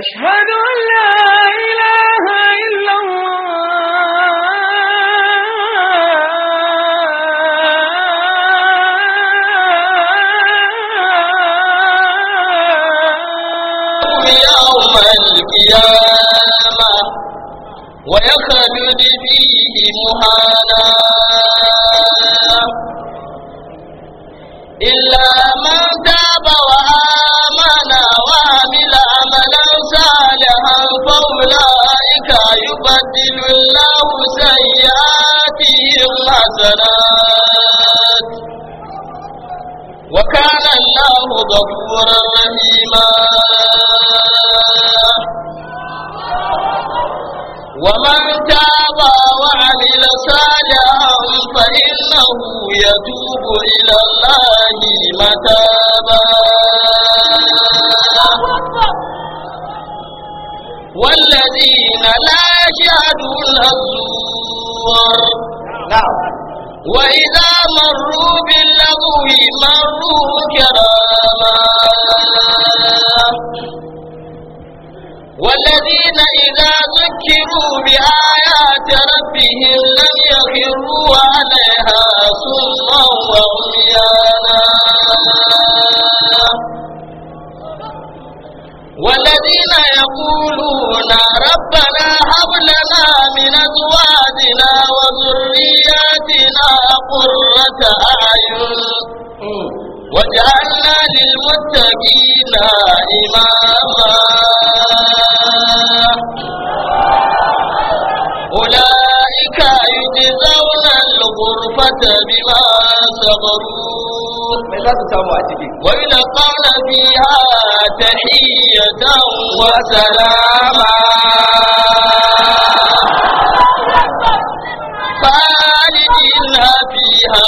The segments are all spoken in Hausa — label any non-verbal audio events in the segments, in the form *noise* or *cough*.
أشهد أن لا إله إلا الله يوم القيامة ويخلد فيه مهانا الحسنات وكان الله غفورا رحيما ومن تاب وعمل صالحا فإنه يتوب إلى الله متابا والذين لا يشهدون الزور نعم وإذا مروا باللغو مروا كراما والذين إذا ذكروا بآيات ربهم لم يخروا عليها صما وعميانا والذين يقولون ربنا هب لنا من أزواجنا وذرياتنا قرة أعين واجعلنا للمتقين إماما أولئك يجزون الغرفة بما صبروا ويلقون فيها تحية وسلاما خالدين فيها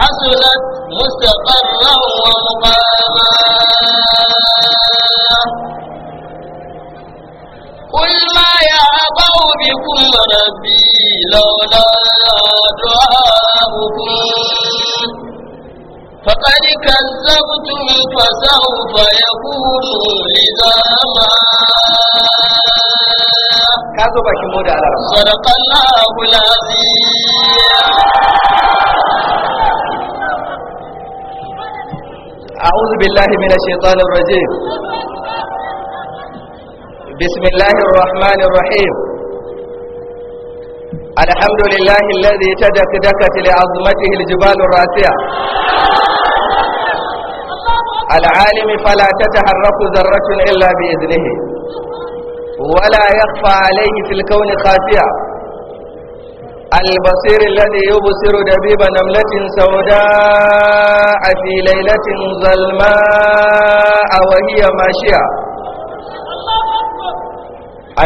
حصلت مستقرا ومقاما قل ما يعبأ بكم ربي لولا دعاؤكم فقد كذبتم فسوف يكون لزاما على صدق الله العظيم أعوذ بالله من الشيطان الرجيم بسم الله الرحمن الرحيم الحمد لله الذي تدك دكت لعظمته الجبال الراسية العالم فلا تتحرك ذرة إلا بإذنه ولا يخفى عليه في الكون خافية البصير الذي يبصر دبيب نملة سوداء في ليلة ظلماء وهي ماشية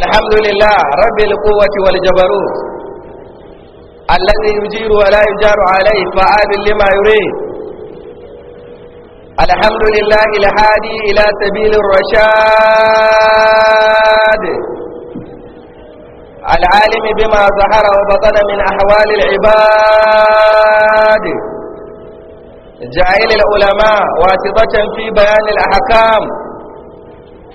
الحمد لله رب القوة والجبروت الذي يجير ولا يجار عليه فعال لما يريد الحمد لله الهادي إلى سبيل الرشاد العالم بما ظهر وبطن من أحوال العباد جعل العلماء واسطة في بيان الأحكام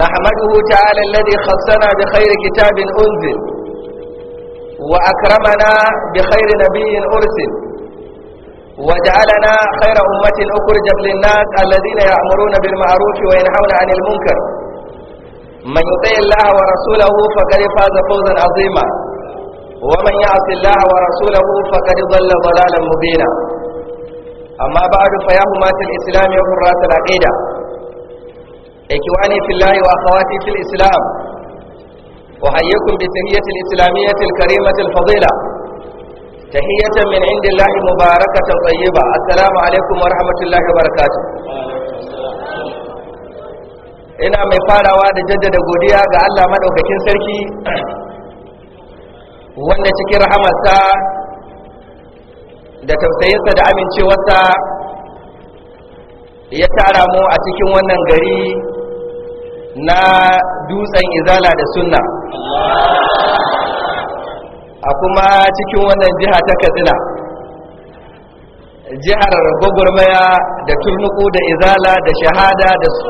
نحمده تعالى الذي خصنا بخير كتاب أنزل وأكرمنا بخير نبي أرسل وجعلنا خير أمة أخرجت للناس الذين يأمرون بالمعروف وينهون عن المنكر من يطيع الله ورسوله فقد فاز فوزا عظيما ومن يعص الله ورسوله فقد ضل ضلالا مبينا أما بعد فيا همات الإسلام وحراس العقيدة ikwani fillahi wa akhawati fil islam أحييكم بتهية الإسلامية الكريمة الفضيلة تهية من عند الله مباركة طيبة السلام عليكم ورحمة الله وبركاته ina mai farawa da jaddada godiya ga Allah madaukakin sarki wanda cikin rahamarsa da tausayinsa da amincewarsa ya tara mu a cikin wannan gari na dutsen izala da sunna a kuma cikin wannan jiha ta katsina jihar gwagwarmaya da turnuku da izala da shahada da su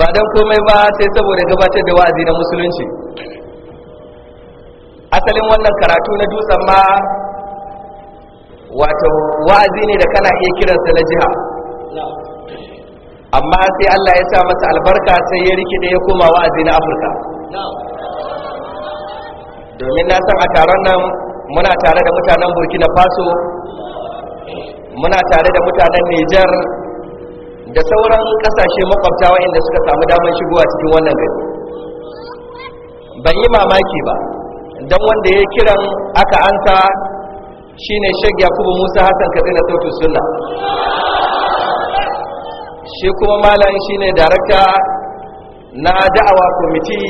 ba don komai ba sai saboda gabatar da wa'azi na musulunci asalin wannan karatu na dutsen ma wato wa'azi ne da kana iya kiransa na jiha amma sai Allah ya sa masa albarka sai ya rikide ya koma wa'azi na Afirka domin na san a taron nan muna tare da mutanen Burkina Faso muna tare da mutanen Nijar da sauran kasashe makwabta waɗanda suka samu damar shigowa cikin wannan gari ban yi mamaki ba don wanda ya kiran aka ansa Shi ne shek yakubu musa hassan na sautin sunna shi kuma shi ne darakta na da'awa kwamiti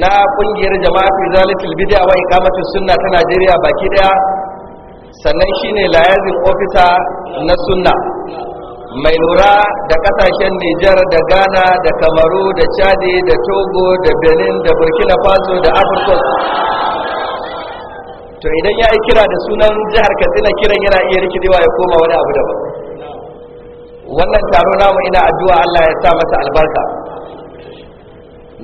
na ƙungiyar jama'a fi zalatul bid'a wa iqamatu sunna ta Najeriya baki daya sannan shi ne layazin ofisa na sunna mai lura da ƙasashen Nijar da Ghana da Kamaru da Chadi da Togo da Benin da Burkina Faso da afirka to idan ya yi kira da sunan jihar katsina kiran yana iya rikidewa ya koma wani abu daban wannan taro namu ina addu'a allah ya sa masa albarka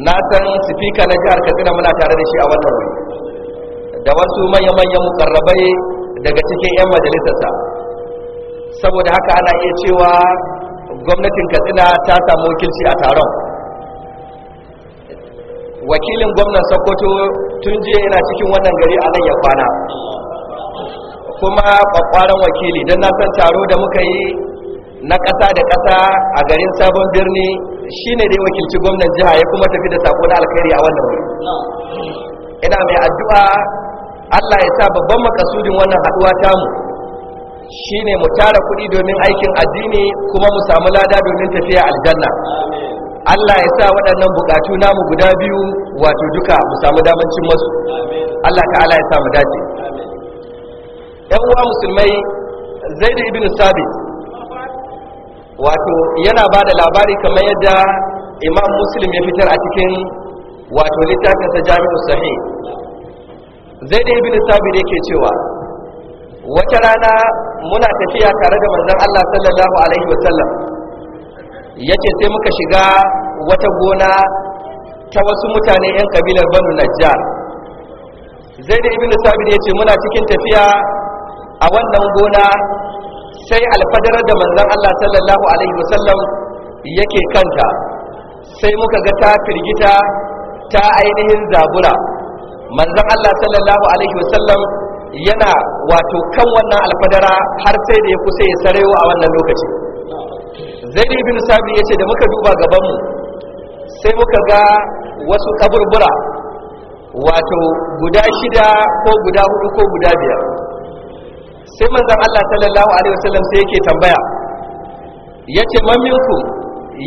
na san sifika na jihar katsina muna tare da shi a wannan wuri da wasu manya mu mukarrabai daga cikin 'yan majalisarsa saboda haka ana iya cewa gwamnatin katsina ta samu wakilci a taron wakilin gwamnan sokoto tun jiya yana cikin wannan gari a nan ya kwana kuma kwakwaran wakili don na san taro da muka yi na ƙasa da ƙasa a garin sabon birni shi shine dai wakilci gwamnan jiha ya kuma tafi da sako na alkhairi a wannan wuri ina mai addu'a allah ya sa babban makasudin wannan haɗuwa tamu ne mu tara kuɗi domin aikin addini kuma mu samu lada domin tafiya aljanna Allah ya sa waɗannan buƙatu namu guda biyu wato duka mu samu damancin masu Allah ta'ala ya sa mu dace ɗan uwa musulmai zai da ibn sabit wato yana ba da labari kamar yadda imam muslim ya fitar a cikin wato littafinsa jami'u da zaid ibn sabit yake cewa wata rana muna tafiya tare da manzon Allah sallallahu alaihi wasallam yace sai muka shiga wata gona ta wasu mutane 'yan kabilar banu najjar zai da ibn da ya ce muna cikin tafiya a wannan gona sai alfadarar da manzan allah sallallahu alaihi wasallam yake kanta sai muka ga ta firgita ta ainihin zabura manzan allah sallallahu alaihi wasallam yana wato kan wannan alfadara har sai da ya kusa ya sarewa a wannan lokaci bin sabi ya ce da muka duba gabanmu sai muka ga wasu kaburbura wato guda shida ko guda hudu ko guda biyar sai manzan Allah sallallahu alaihi wasallam sai yake tambaya ya ce minkum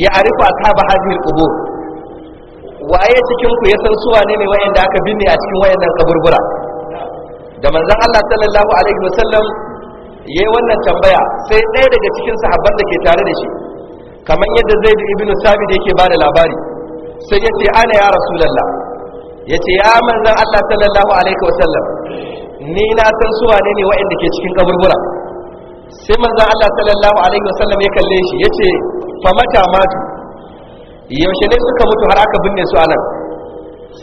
ya arifa a kaba hadhihi qubur waye cikin ku ya san suwa ne mai wayan da aka binne a cikin wayan nan kaburbura da manzan Allah sallallahu alaihi wasallam yi wannan tambaya sai ɗaya daga cikin sahabban da ke tare da shi kamar yadda zai zaid ibn da yake ba da labari sai ya ce ana ya rasulallah ya ce ya manzan allah sallallahu alaihi wasallam ni na san su wane ne waɗanda ke cikin kaburbura sai manzan allah sallallahu alaihi wasallam ya kalle shi ya ce fa mata matu yaushe ne suka mutu har aka binne su anan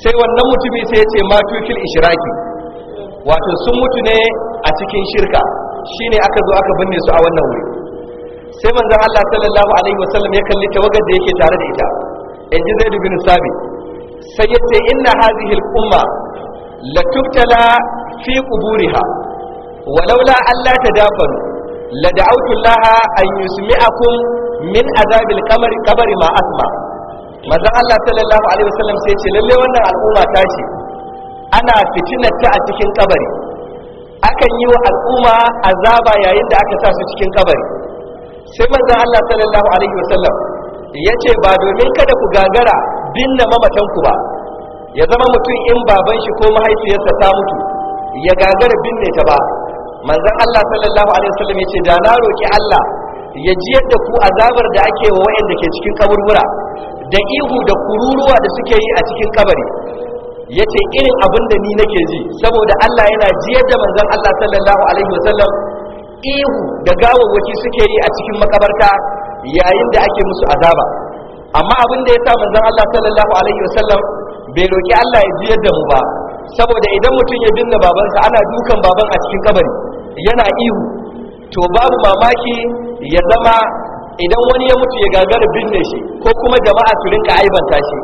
sai wannan mutumi sai ya ce matu fil ishiraki wato sun mutu ne a cikin shirka shine aka zo aka binne su a wannan wuri sai manzon Allah sallallahu alaihi wasallam ya kalli tawagar da yake tare da ita in ji zaid bin sai ya ce inna hadhihi al-umma la tubtala fi quburiha walaula an la tadafanu la da'awtu Allah an yusmi'akum min azabil kabari ma asma manzon Allah sallallahu alaihi wasallam sai ce lalle wannan al'umma ta ce ana ta a cikin kabari akan yi wa al'umma azaba yayin da aka sa su cikin kabari sai manzan Allah sallallahu alaihi wasallam yace ba domin kada ku gagara binne mamatanku ba ya zama mutum in baban shi ko mahaifiyarsa ta mutu ya gagara binne ta ba manzan Allah sallallahu alaihi wasallam yace da na roki Allah ya ji yadda ku azabar da ake wa wayanda ke cikin kaburbura da ihu da kururuwa da suke yi a cikin kabari yace irin abin da ni nake ji saboda Allah yana ji yadda manzon Allah sallallahu alaihi wasallam ihu da gawawwaki suke yi a cikin makabarta yayin da ake musu azaba amma abin da ya sa manzon Allah sallallahu alaihi wasallam bai roki Allah ya jiyar da mu ba saboda idan mutum ya binne babansa ana dukan baban a cikin kabari yana ihu to babu mamaki ya zama idan wani ya mutu ya gagara binne shi ko kuma jama'a su rinka aibanta shi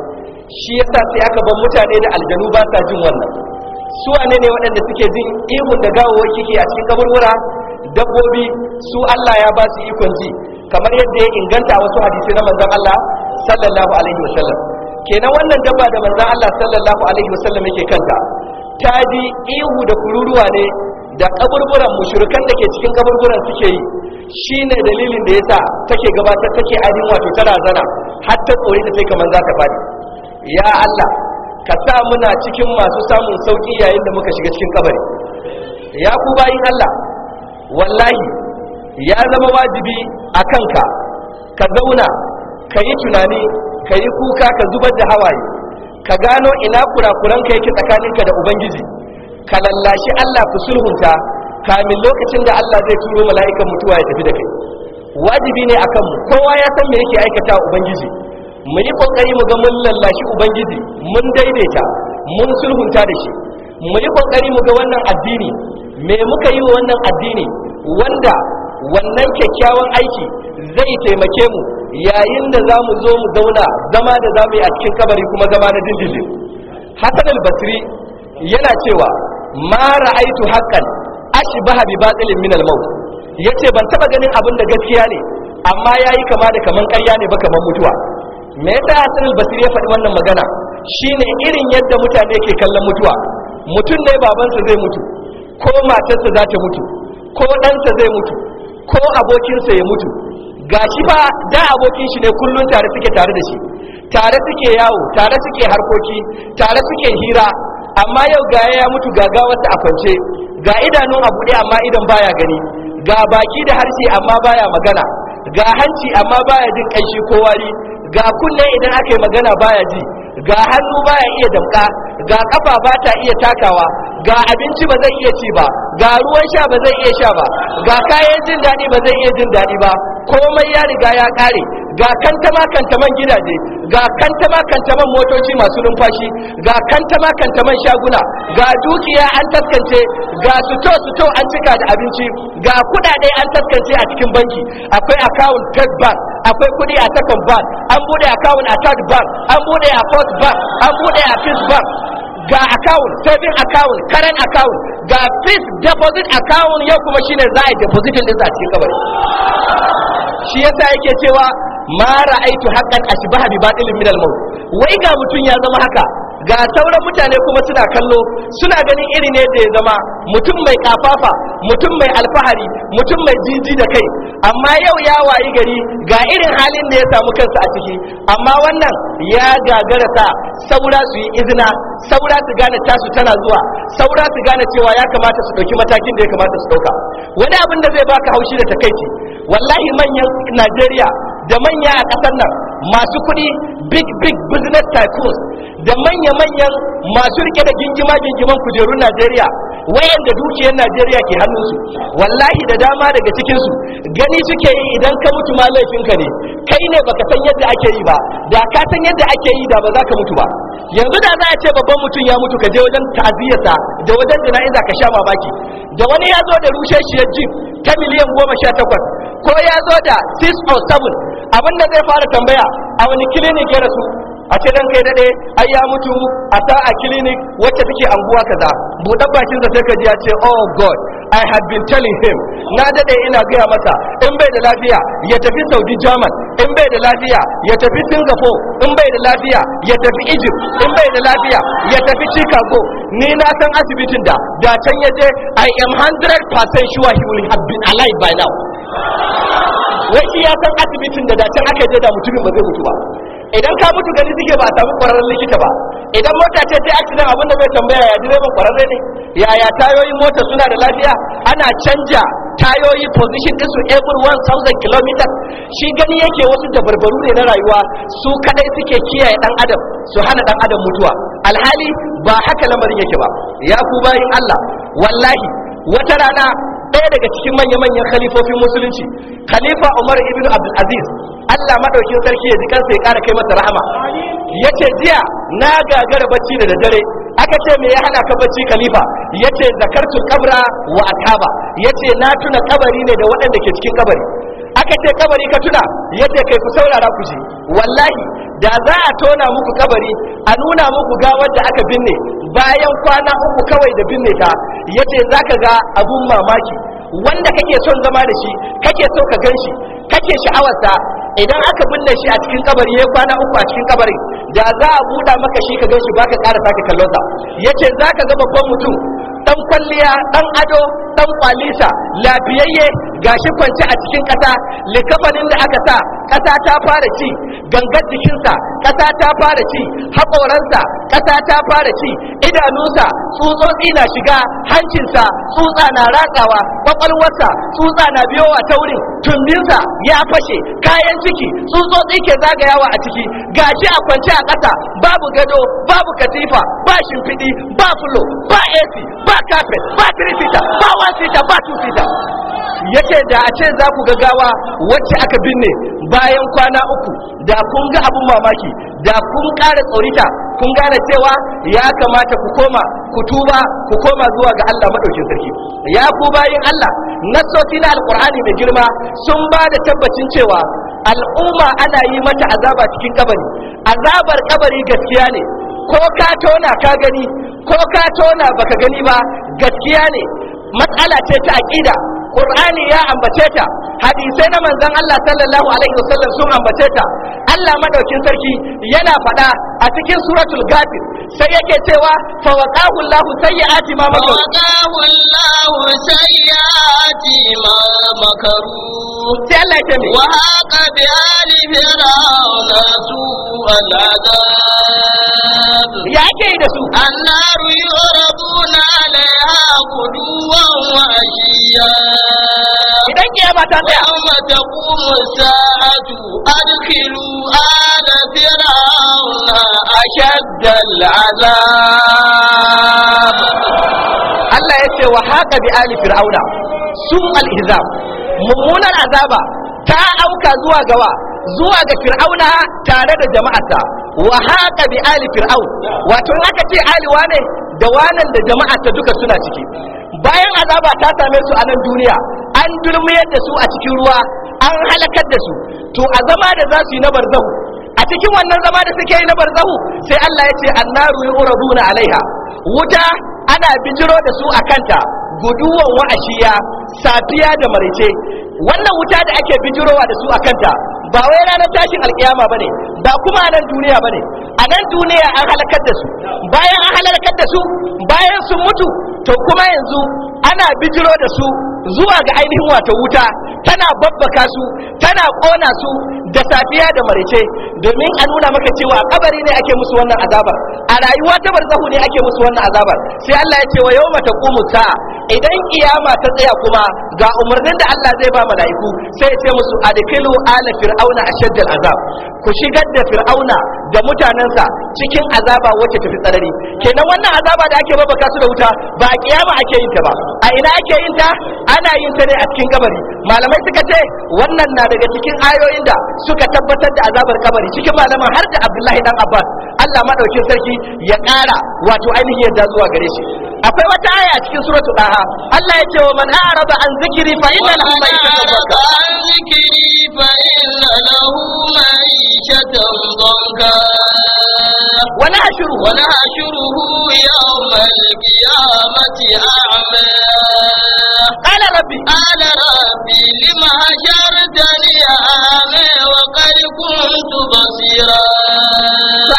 shi yasa sai aka bar mutane da aljanu ba sa jin wannan su ne waɗanda suke jin ihun da gawawaki ke a cikin kaburbura dabbobi su Allah ya ba su ikon ji kamar yadda ya inganta wasu hadisi na manzon Allah sallallahu alaihi wasallam kenan wannan dabba da manzon Allah sallallahu alaihi wasallam yake kanta ta ji ihu da kururuwa ne da kaburburan mushrikan da ke cikin kaburburan suke yi shine dalilin da yasa take gabatar take adin wato tana zana har ta tsori ta sai kamar za ta fadi ya Allah ka sa muna cikin masu samun sauki yayin da muka shiga cikin kabari ya ku bayin Allah wallahi ya zama wajibi a kanka ka zauna ka yi tunani ka yi kuka ka zubar da hawaye ka gano ina kurakuranka yake tsakaninka da ubangiji ka lallashi allah ku sulhunta kamin lokacin da allah zai turo mala'ikan mutuwa ya tafi da kai wajibi ne akan mu kowa ya san me yake aikata ubangiji mu yi kokari mu ga mun lallashi ubangiji mun daidaita mun sulhunta da shi mu yi kokari mu ga wannan addini me muka yi wa wannan addini wanda wannan kyakkyawan aiki zai taimake mu yayin da za mu zo mu zauna zama da za mu yi a cikin kabari kuma zama na dindindin hasan al-basri yana cewa ma ra'aitu haqqan ashbaha bi batilin min al-maut yace ban taba ganin abin da gaskiya ne amma yayi kama da kaman ƙarya ne ba kaman mutuwa me yasa hasan al-basri ya faɗi wannan magana shine irin yadda mutane ke kallon mutuwa mutum ne babansa zai mutu ko matarsa za ta mutu ko ɗansa zai mutu ko abokinsa ya mutu ga gashi ba da abokin shi ne kullum tare suke tare da shi tare suke yawo tare suke harkoki tare suke hira amma yau ga ya mutu ga wasu a kwance ga idanun a buɗe amma idan baya gani ga baki da harshe amma baya magana ga hanci amma baya jin ƙanshi ko wari ga kunne idan aka yi magana baya ji ga hannu baya iya damka ga kafa ba ta iya takawa ga abinci ba zai iya ci ba ga ruwan sha ba zai iya sha ba ga kayan jin daɗi ba zai iya jin daɗi ba komai ya riga ya ƙare ga kantama kantaman gidaje ga kantama kantaman motoci masu numfashi ga kantama kantaman shaguna ga dukiya an taskance ga suto suto an cika da abinci ga kuɗaɗe an taskance a cikin banki akwai akawun third bank akwai kuɗi a second bank an buɗe akawun a third bank an buɗe a fourth bank an buɗe a fifth bank ga account saving account current account ga fixed deposit account yau kuma shine za a deposit din a cikin kabari shi yasa yake cewa ma ra'aitu haqqan ashbaha bi batilin min al-maut wai ga mutun ya zama haka ga sauran mutane kuma suna kallo suna ganin iri ne da ya zama mutum mai kafafa mutum mai alfahari mutum mai jiji da kai amma yau ya wayi gari ga irin halin da ya samu kansa a ciki amma wannan ya gagara sa saura su yi izina saura su gane tasu tana zuwa saura su gane cewa ya kamata su ɗauki matakin da ya kamata su ɗauka wani abin da zai baka haushi da takaici wallahi manyan najeriya da manya a ƙasar nan masu kuɗi big big business tycoons da manya-manyan masu rike da gingima-gingiman kujerun najeriya wayanda dukiyar najeriya ke hannunsu wallahi da dama daga cikinsu gani suke yi idan ka mutu ma laifinka ne kai ne baka san yadda ake yi ba da ka san yadda ake yi da ba za ka mutu ba yanzu da za a ce babban mutum ya mutu ka je wajen ta'aziyarsa da wajen jana'iza ka sha baki da wani ya zo da rushe shi ya ta miliyan goma sha takwas ko ya zo da 6 or 7 abin da zai fara tambaya a wani clinic ya rasu a ce dan kai dade ai ya mutu a sa a clinic wacce take anguwa kaza budan bakin sa sai ka ji ya ce oh god i had been telling him na dade ina gaya masa in bai da lafiya ya tafi saudi german in bai da lafiya ya tafi singapore in bai da lafiya ya tafi egypt in bai da lafiya ya tafi chicago ni na san asibitin da da can ya je i am 100% sure he will have been alive by now wai shi ya san asibitin da dacin aka je da mutumin ba zai mutu ba idan ka mutu gani suke ba a samu kwararren likita ba idan mota ce ta yi abin da bai tambaya ya direban kwararre ne yaya tayoyin mota suna da lafiya ana canja tayoyi position din su every 1000 km shi gani yake wasu dabarbaru ne na rayuwa su kadai suke kiyaye dan adam su hana dan adam mutuwa alhali ba haka lamarin yake ba ya ku bayin Allah wallahi wata rana ɗaya daga cikin manya-manyan khalifofin musulunci khalifa umar ibn abdulaziz allah maɗaukin sarki ya ji kansa ya ƙara kai masa rahama ya jiya na gagara bacci da daddare aka ce me ya hada ka bacci khalifa ya ce zakartu kabra wa akaba ya na tuna kabari ne da waɗanda ke cikin kabari aka ce kabari ka tuna yace ce kai ku saurara ku ji wallahi da za a tona muku kabari a nuna muku gawar da aka binne bayan kwana uku kawai da binne ta yace zaka ga abun mamaki wanda kake son zama da shi kake so ka gan shi kake sha'awarsa idan aka binne shi a cikin kabari ya kwana uku a cikin kabarin da za a buɗa maka shi ka gan shi baka ƙara sake kallon yace zaka ga babban mutum ɗan kwalliya ɗan ado ɗan kwalisa lafiyayye gashi kwance a cikin ƙasa likafanin da aka sa ƙasa ta fara ci gangar jikinsa kasa ta fara ci haƙoransa kasa ta fara ci idanunsa tsutsotsi na shiga hancinsa tsutsa na ratsawa ƙwaƙwalwarsa tsutsa na biyowa ta wurin tumbinsa ya fashe kayan ciki tsutsotsi ke zagayawa a ciki gashi a kwance a ƙasa babu gado babu katifa ba shimfiɗi ba fulo ba ac ba carpet ba three ba wansita, ba two ce da a ce za ku gagawa wacce aka binne bayan kwana uku da kun ga abin mamaki da kun ƙara tsorita kun gane cewa ya kamata ku koma ku tuba ku koma zuwa ga Allah madaukin sarki ya ku bayin Allah nassoci na alqur'ani da girma sun ba da tabbacin cewa al'umma ana yi mata azaba cikin kabari azabar kabari gaskiya ne ko ka tona ka gani ko ka tona baka gani ba gaskiya ne matsala ce ta aqida Qur'ani ya ambace ta hadisai na manzon Allah sallallahu alaihi wasallam sun ambace ta Allah madaukin sarki yana faɗa a cikin suratul Ghafir sai yake cewa fa waqahu Allah sayyi'ati ma makaru waqahu Allah sayyi'ati ma makaru sai Allah ya wa haqa bi ali fir'auna su al'adab ya ke da su annaru yuraduna alaiha quduwan wa ashiya idan kiyama ta tsaya yawma taqumu sa'atu adkhilu ala fir'auna ashadda azab Allah ya ce wa haka bi ali fir'auna su al mummunar azaba ta auka zuwa gawa zuwa ga fir'auna tare da jama'ata wa haka bi ali fir'aun wato aka ce ali wane da wanan da jama'ata duka suna ciki bayan azaba ta same su a nan duniya an durmiyar da su a cikin ruwa an halakar da su to a zama da za su yi na barzahu a cikin wannan zama da suke yi na barzahu sai Allah ya ce annaru yuraduna alaiha wuta ana bijiro da su a kanta guduwan wa'ashiya safiya da marice wannan wuta da ake bijirowa da su a kanta ba wai ranar tashin alkiyama bane ba kuma a nan duniya bane a nan duniya an halakar da su bayan an halakar da su bayan sun mutu to kuma yanzu ana bijiro da su zuwa ga ainihin wata wuta tana babbaka su tana kona su da safiya da marice domin a nuna maka cewa a kabari ne ake musu wannan azabar a rayuwa ta barzahu ne ake musu wannan azabar sai Allah ya ce wa yawma taqumu ta? idan kiyama ta tsaya kuma ga umarnin da Allah zai ba mala'iku sai ya ce musu adkilu ala fir'auna ashadd azab ku shigar da fir'auna da mutanensa cikin azaba wacce tafi tsarari kenan wannan azaba da ake babbaka su da wuta ba a kiyama ake yin ta ba a ina ake yin ta ana yin ta ne a cikin kabari malamai suka ce wannan na daga cikin ayoyin da suka tabbatar da azabar kabari cikin malaman har da abdullahi dan abbas allah maɗaukin sarki ya ƙara wato ainihin yadda zuwa gare shi akwai wata aya a cikin suratul daha allah ya ce wa man a'rada an zikri fa inna lahu ma'ishatan dhanka ونحشره ونحشره يوم القيامة أعمى قال ربي قال ربي لما وقد كنت بصيرا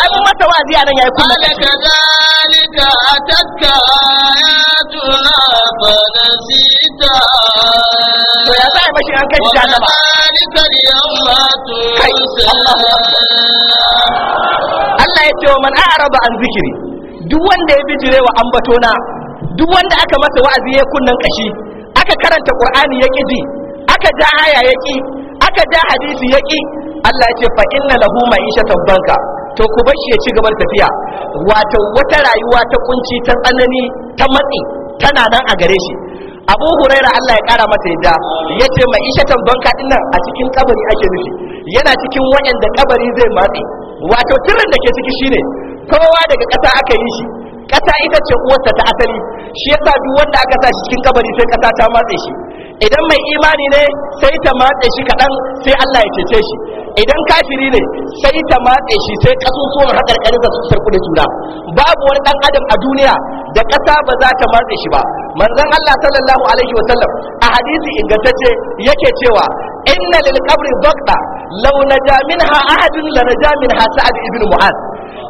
قال كذلك أتتك آياتنا فنسيتها وكذلك اليوم تنسى Allah ya ce wa man a'raba an zikiri duk wanda ya bijire wa ambatona duk wanda aka masa wa'azi ya kunnan kashi aka karanta qur'ani ya ji, aka ja aya ya ƙi aka ja hadisi ya ƙi Allah ya ce fa inna lahu ma'ishatan banka to ku bar shi ya ci gaban tafiya wato wata rayuwa ta kunci ta tsanani ta matsi tana nan a gare shi abu huraira Allah ya kara mata yadda ya ce ma'ishatan banka din nan a cikin kabari ake nufi yana cikin wayanda kabari zai matsi wato tirin da ke ciki shine kowa daga ƙasa aka yi shi ƙasa ita ce uwarsa ta asali shi yasa duk wanda aka sa shi cikin kabari sai ƙasa ta matse shi idan mai imani ne sai ta matse shi kaɗan sai Allah ya cece shi idan kafiri ne sai ta matse shi sai ƙasusuwan haƙarƙarinsa su sarku da juna babu wani ɗan adam a duniya da ƙasa ba za ta matse shi ba manzon Allah sallallahu alaihi wa sallam a hadisi ingantacce yake cewa inna lil qabri daqqa law naja ahadun la naja sa'ad ibn mu'az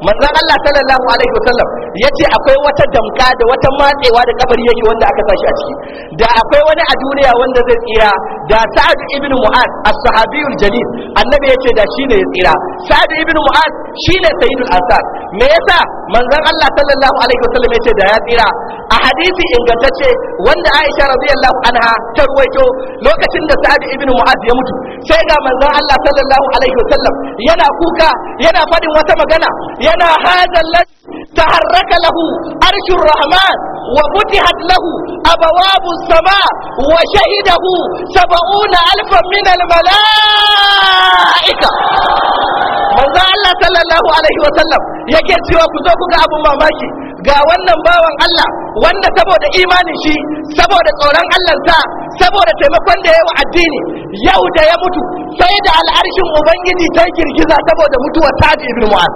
manzon Allah sallallahu alaihi wa sallam Ya ce akwai wata damka da wata matsewa da kabari yake wanda aka sashi a ciki da akwai wani a duniya wanda zai tsira da sa'ad ibn mu'az as-sahabiyul jalil annabi ce da ne ya tsira sa'ad ibn mu'az shine sayyidul ansar me yasa manzon Allah sallallahu alaihi wasallam yace da ya tsira a hadisi ingantacce wanda Aisha radiyallahu anha ta ruwaito lokacin da sa'ad ibn mu'az ya mutu sai ga manzon Allah sallallahu alaihi wasallam yana kuka yana fadin wata magana yana hadal taharra وانشق له عرش الرحمن وفتحت له أبواب السماء وشهده سبعون ألفا من الملائكة manzo Allah sallallahu alaihi wasallam yake cewa ku zo ku ga abun mamaki ga wannan bawan Allah wanda saboda imanin shi saboda tsoron Allahnsa saboda taimakon da wa addini yau da ya mutu sai da al'arshin ubangiji ta girgiza saboda mutuwar Sa'ad ibn Mu'az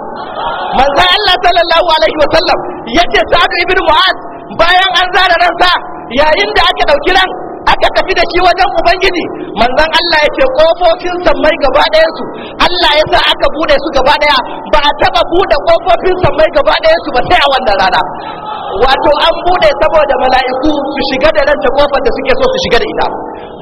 manzon Allah sallallahu alaihi wa sallam yace Sa'ad ibn Mu'az bayan an zara ransa yayin da aka dauki ran aka tafi da shi wajen ubangiji manzon Allah ya ce kofofin sammai gaba ɗaya su Allah ya sa aka bude su gaba ɗaya ba a taba bude kofofin sammai gaba ɗaya su ba sai a wannan rana wato an bude saboda mala'iku su shiga da ranta kofar da suke so su shiga da ita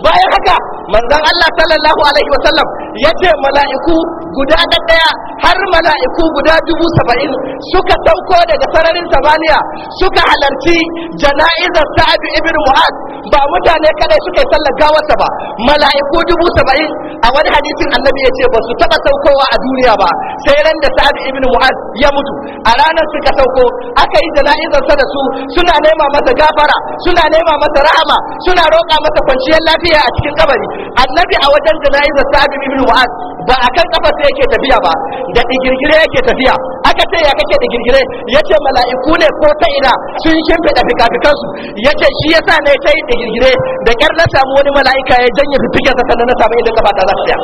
bayan haka manzon Allah sallallahu alaihi sallam yace mala'iku guda ɗaya har mala'iku guda dubu saba'in suka sauko daga sararin samaniya suka halarci jana'izar sa'ad ibn mu'ad ba mutane kadai suka yi sallar gawarsa ba mala'iku dubu saba'in a wani hadisin annabi ya ce ba su taɓa saukowa a duniya ba sai ran da sa'ad ibn mu'ad ya mutu a ranar suka sauko aka yi jana'izar sa da su suna nema masa gafara suna nema masa rahama suna roƙa masa kwanciyar lafiya a cikin kabari annabi a wajen jana'izar sa'ad ibn mu'az ba a kan kafa sai yake tafiya ba da digirgire yake tafiya aka ce ya kake digirgire yace mala'iku ne ko ta ina sun shimfiɗa fikafikan su yace shi yasa ne ta yi digirgire da kyar na samu wani mala'ika ya janye fifikin sa sannan na samu idan kafa ta lafiya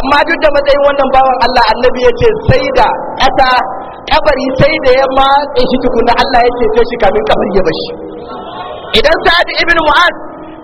amma duk da matsayin wannan bawan Allah annabi yace sai da ƙasa kabari sai da ya matse shi tukuna Allah ya cece shi kamin kabari ya bashi idan sa'ad ibn mu'az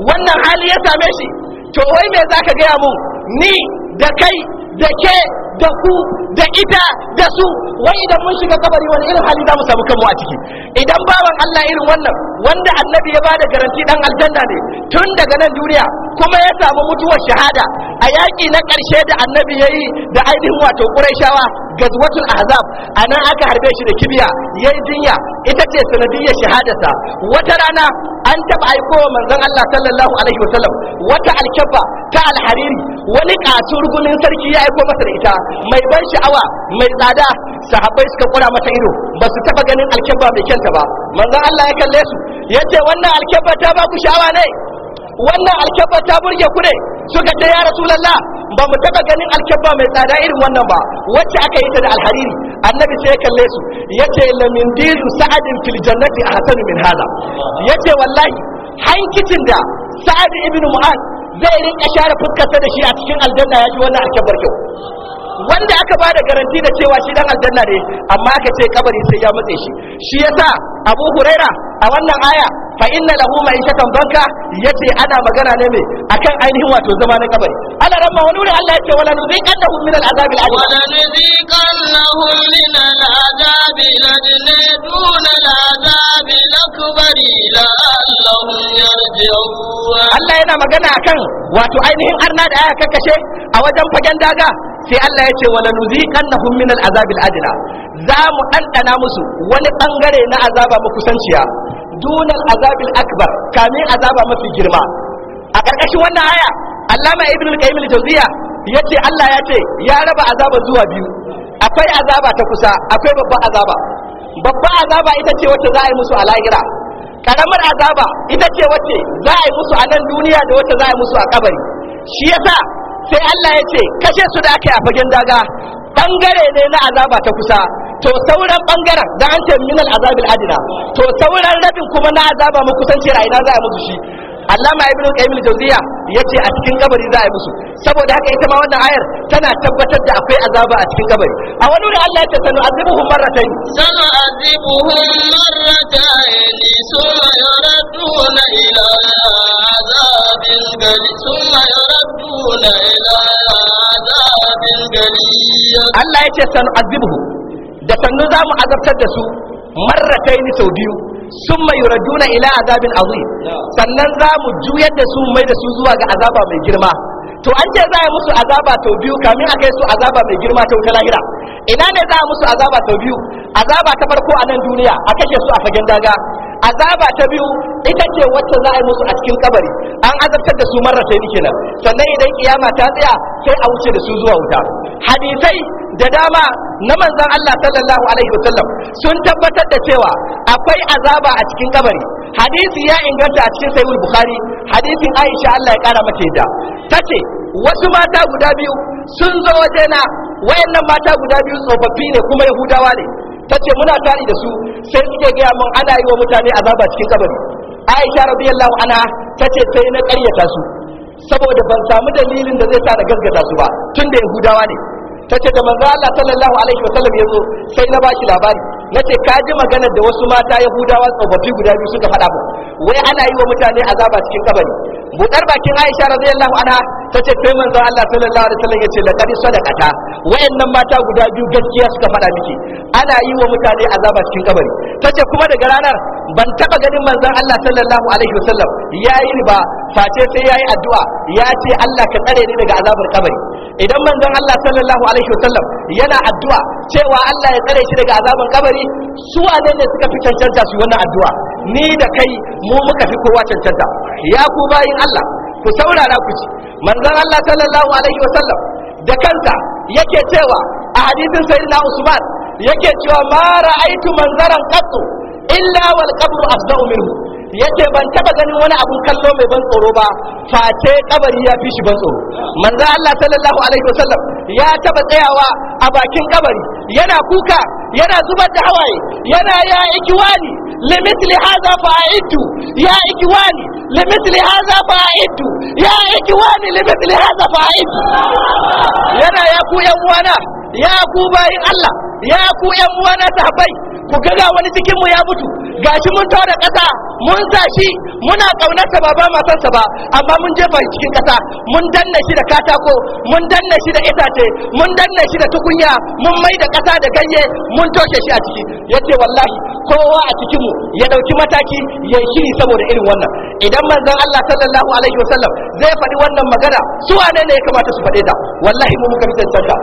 wannan hali ya same shi to wai me zaka gaya mun ni da kai da ke da ku da ita da su wai idan mun shiga kabari wani irin hali za mu samu kanmu a ciki idan bawan Allah irin wannan wanda annabi ya bada garanti dan aljanna ne tun daga nan duniya kuma ya samu mutuwar shahada a yaƙi na ƙarshe da annabi ya yi da ainihin wato ƙurayshawa gazwatul ahzab anan aka harbe shi da kibiya yayi jinya ita ce sanadiyyar shahadarsa wata rana an taba aiko manzon Allah sallallahu alaihi wasallam wata alkabba ta alhariri wani katurgumin sarki ya aiko masa da ita mai ban sha'awa mai tsada sahabbai suka kura mata ido ba su taba ganin alkebba mai kyanta ba manzon Allah ya kalle su yace wannan alkebba ta ba ku sha'awa ne wannan alkebba ta burge ku ne suka ce ya rasulullah ba mu taɓa ganin alkebba mai tsada irin wannan ba wacce aka yi ta da alhariri annabi sai ya kalle su yace lamin diru sa'adin fil jannati ahsanu min hada yace wallahi hankicin da sa'ad ibn mu'az zai rinka share fuskarsa da shi a cikin aljanna ya ji wannan alkabar kyau wanda aka ba da garanti da cewa shi dan aljanna ne amma aka ce kabari sai ya matse shi shi yasa abu huraira a wannan aya fa inna lahu ma'ishatan banka yace ana magana ne me akan ainihin wato zama na kabari ana ramma wani wuri Allah yace wala nuziqannahum min al'azabi al'adab wala nuziqannahum min al'azabi lajna dun al'azabi lakbari la'allahum yarji'un Allah yana magana akan wato ainihin arna da aya kakkashe a wajen fagen daga sai Allah ya ce wala nuziqannahum min al'azabi al'adna za mu ɗanɗana musu wani ɓangare na azaba makusanciya dunal azabil akbar kamin azaba mafi girma a ƙarƙashin wannan aya allama ibn al-qayyim al-jawziya yace Allah yace ya raba azaba zuwa biyu akwai azaba ta kusa akwai babban azaba babban azaba ita ce wacce za a yi musu a lahira karamar azaba ita ce wacce za a yi musu a nan duniya da wacce za a yi musu a kabari shi yasa sai Allah ya ce kashe su da aka yi a fagen daga bangare ne na azaba ta kusa to sauran bangaren da an ce min al'azabil adina to sauran rabin kuma na azaba makusanci rayuwa za a musu shi allama Ibnu qayyim al-jawziya yace a cikin kabari za a yi musu saboda haka ita ma wannan ayar tana tabbatar da akwai azaba a cikin kabari a wani wuri Allah ya ce sanu azibuhum marratayn sanu azibuhum marratayn summa yuraduna ila azabin gari summa yuraduna ila azabin gadi Allah ya ce sanu azibuhum da sannu za mu azabtar da su marratai ni sau biyu sun mai yuraduna ila azabin azim sannan za mu juyar da su mai da su zuwa ga azaba mai girma to an ce za a musu azaba sau biyu kamin a kai su azaba mai girma ta wuta lahira ina ne za a musu azaba sau biyu azaba ta farko a nan duniya a kashe su a fagen daga azaba ta biyu ita ce wacce za a yi musu a cikin kabari an azabtar da su marrata yi kenan sannan idan kiyama ta tsaya sai a wuce da su zuwa wuta hadisai da dama na manzan Allah sallallahu alaihi wasallam sun tabbatar da cewa akwai azaba a cikin kabari hadisi ya inganta a cikin sahihul bukhari hadisin aisha Allah ya kara da yadda ce wasu mata guda biyu sun zo wajena wayannan mata guda biyu tsofaffi ne kuma yahudawa ne Ta ce muna tari da su sai suke gaya mun ana yi wa mutane azaba cikin kabari aisha radiyallahu anha tace sai na karyata su saboda ban samu dalilin da zai sa na gaskata su ba tun da yahudawa ne tace da manzo Allah sallallahu alaihi wa sallam yazo sai na bashi labari nace ka ji maganar da wasu mata yahudawa tsofaffi guda biyu suka faɗa ba wai ana yi wa mutane azaba cikin kabari budar bakin Aisha radiyallahu anha ta ce sai manzon Allah sallallahu alaihi wasallam yace la laqad sadaqata wayannan mata guda biyu gaskiya suka faɗa miki ana yi wa mutane azaba cikin kabari ta ce kuma daga ranar ban taba ganin manzon Allah sallallahu alaihi wasallam yayi riba face sai yayi addu'a ya ce Allah ka tsare ni daga azabar kabari idan manzon Allah sallallahu alaihi wasallam yana addu'a cewa Allah ya tsare shi daga azabar kabari su wane ne suka fi cancanta su wannan addu'a ni da kai mu muka fi kowa cancanta ya ku bayin Allah ku saurara ku ci manzon Allah sallallahu alaihi wa sallam da kansa yake cewa a hadisin sayyidina Usman yake cewa ma ra'aytu manzaran qattu illa wal qabru afdau minhu yace ban taba ganin wani abu kallo mai ban tsoro ba face kabari ya fi shi ban tsoro manzo Allah sallallahu alaihi wasallam ya taba tsayawa a bakin kabari yana kuka yana zubar da hawaye yana ya ikiwani limithli hadha fa'idu ya ikiwani limithli hadha fa'idu ya ikiwani limithli hadha fa'idu yana ya ku yan uwana ya ku bayin Allah ya ku yan uwana sahabbai ku ga wani cikin mu ya mutu gashi mun tara kasa, mun sa muna ƙaunarsa ba ba ma sansa ba amma mun je ba cikin kasa, mun danna shi da katako mun danna shi da itace mun danna shi da tukunya mun mai da ƙasa da ganye mun toshe shi a ciki yace wallahi kowa a cikin mu ya dauki mataki ya shiri saboda irin wannan idan manzon Allah sallallahu alaihi wasallam zai faɗi wannan magana su wane ne ya kamata su faɗe ta wallahi mu muka fi cancanta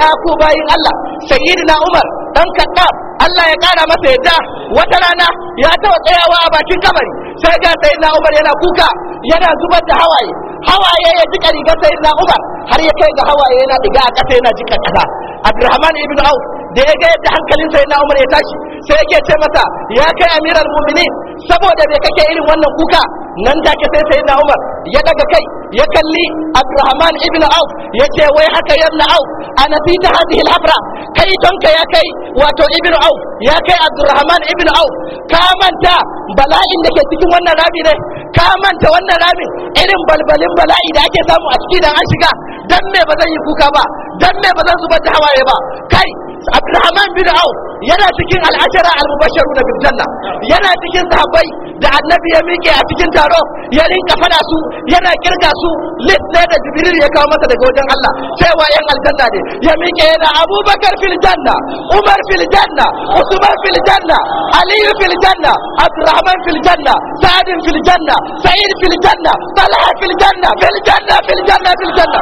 ya ku bayin Allah sayyidina Umar dan kaddab Allah ya kara masa yadda wata rana ya taɓa tsayawa a bakin kabari sai ga na Umar yana kuka yana zubar da hawaye hawaye ya jika rigar na Umar har ya kai ga hawaye yana diga a kasa yana jika kasa Abdurrahman ibn Auf da ya ga yadda hankalin sai na umar ya tashi sai yake ce masa ya kai amiral mu'minin saboda me kake irin wannan kuka nan da ke sai sai umar ya daga kai ya kalli abdurrahman ibn auf ya ce wai haka ya na auf ana fi ta hadhihi al kai tonka ya kai wato ibn auf ya kai abdurrahman ibn auf ka manta bala'in da ke cikin wannan rami ne ka manta wannan ramin irin balbalin bala'i da ake samu a ciki dan an shiga dan me ba zan yi kuka ba dan me ba zan zubar da hawaye ba kai Abdulrahman bin Auf yana cikin al'ashara al-mubasharu da biljanna yana cikin sahabbai da annabi ya miƙe a cikin taro ya rinka fada su yana kirga su list ne da Jibril ya kawo masa daga wajen Allah cewa yan aljanna ne ya miƙe yana Abubakar fil janna Umar fil janna Usman fil janna Ali fil janna Abdulrahman fil janna Sa'd fil janna Sa'id fil janna Talha fil janna fil janna fil janna fil janna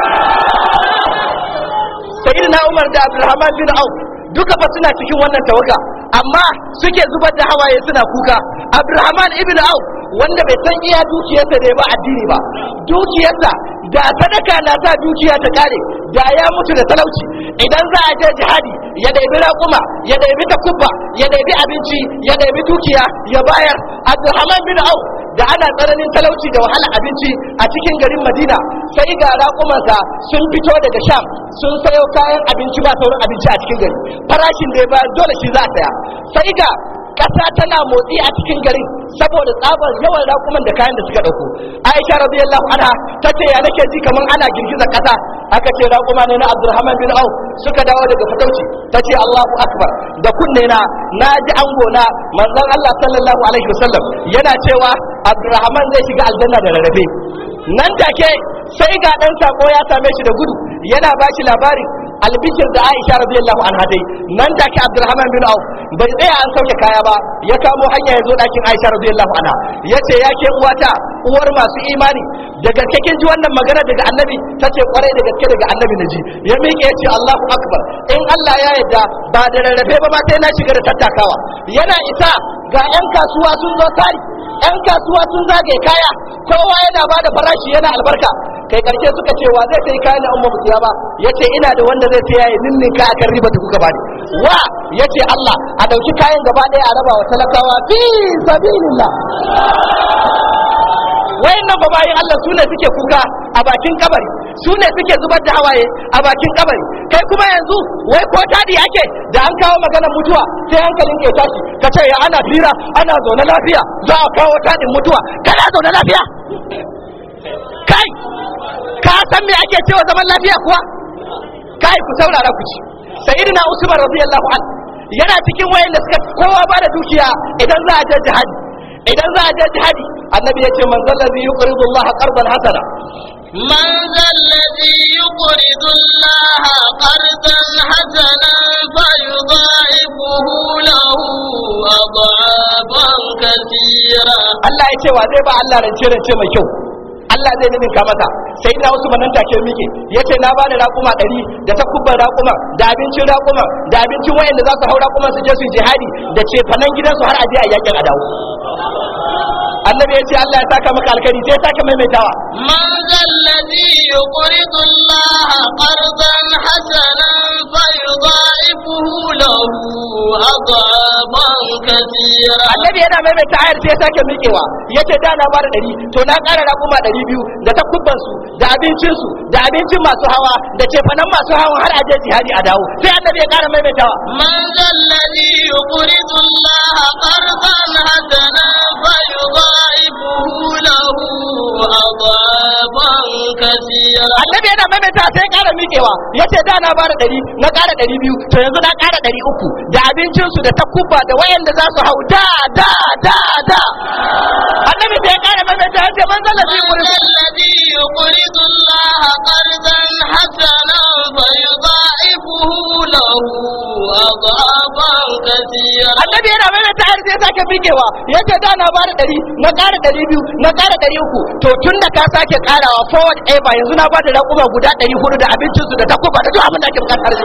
Sayyidina Umar da Abdulrahman bin Auf duka fa suna cikin wannan tawaka amma suke zubar da hawaye suna kuka abdurrahman ibn au wanda bai san iya dukiyarsa da ba addini ba dukiyarsa da sadaka na sa dukiya ta kare da ya mutu da talauci idan za a je jihadi ya daibi raƙuma ya daibi takubba ya daibi abinci ya daibi dukiya ya bayar abdurrahman bin auf da ana tsananin talauci da wahala abinci a cikin garin madina sai ga raƙumansa sun fito daga sham sun sayo kayan abinci ba sauran abinci a cikin gari farashin da ya bayar dole shi za a saya sai ga kasa tana motsi a cikin garin saboda tsabar yawan rakuman da kayan da suka ɗauko aisha radiyallahu anha ta ce ya nake ji kaman ana girgiza ƙasa aka ce rakuma ne na Abdurrahman bin auf suka dawo daga fatauci ta ce allahu akbar da kunne na na ji na, manzon allah sallallahu alaihi wasallam yana cewa Abdurrahman zai shiga aljanna da rarrabe nan take sai ga dan sako ya same shi da gudu yana ba shi labarin albikir da aisha radiyallahu anha dai nan take abdurrahman bin auf bai tsaya an sauke kaya ba ya kamo hanya ya zo dakin aisha radiyallahu anha yace ya ke uwata uwar masu imani da gaske kin ji wannan magana daga annabi tace kwarai da gaske daga annabi naji ya miƙe yace Allahu akbar in Allah ya yarda ba da rarrafe ba ma sai na shiga da tattakawa yana isa ga 'yan kasuwa sun zo tari 'yan kasuwa sun zage kaya kowa yana ba da farashi yana albarka kai karshe suka ce wa zai sai kayan umma musiya ba ce ina da wanda zai saya ya ninninka kan riba da kuka bani wa yace Allah a ɗauki kayan gaba daya a raba wa talakawa fi sabilillah wayannan nan babayin Allah ne suke kuka a bakin kabari su ne suke zubar da hawaye a bakin kabari kai kuma yanzu wai ko tadi ake da an kawo magana mutuwa sai hankalin ke tashi ka ce ya ana fira ana zaune lafiya za a kawo tadin mutuwa kana zaune lafiya kai ka san me ake cewa zaman lafiya kuwa kai ku saurara ku ci sayyidina usman radiyallahu anhu yana cikin wayanda suka kowa ba da dukiya idan za a je jihadi idan za a je hadi annabi ya ce man zallazi yuqridu Allah qardan hasana man zallazi yuqridu Allah qardan hasana fa yudha'ibuhu lahu adhaban kathira Allah ya ce wa zai ba Allah rance rance mai kyau Allah zai ka masa sai ina wasu manan take miki yace na bani raƙuma ɗari da takubban raƙuma da abincin raƙuma da abincin wayanda za su hau raƙuma su je su jihadi da ce, gidan su har a je a yakin adawu annabi ya ce Allah ya saka maka alkari sai ya saka maimaitawa man zalladhi yuqridu Allah qardan hasanan fa yudha أضاعفه له أضعافا كثيرا النبي sake mikewa ya ce ميكيوا yace da na bada ɗari to na kara na kuma ɗari biyu da takubansu da abincinsu da abincin masu hawa da cefanen masu hawa har aje jihadi a dawo sai annabi ya ƙara maimaitawa man zallani yuqridu Allah qardan hadana fa yudai annabi yana maimaita sai kara miƙewa ya ce da na bada ɗari na ƙara ɗari biyu ta yanzu na kara ɗari uku da abincinsu da takubba da wayanda zasu hau da da da da annabi sai kara maimaita ya ce ban zalla biyu ƙuri ban zalla biyu ƙuri sun la a له yana mai har sai sake birgewa yace da na da ɗari na ƙara ɗari biyu na ƙara ɗari uku to tun da ka sake ƙarawa forward ever yanzu na bada raƙuma guda ɗari hudu da abincinsu da takuba da duk abin da ake bukatar shi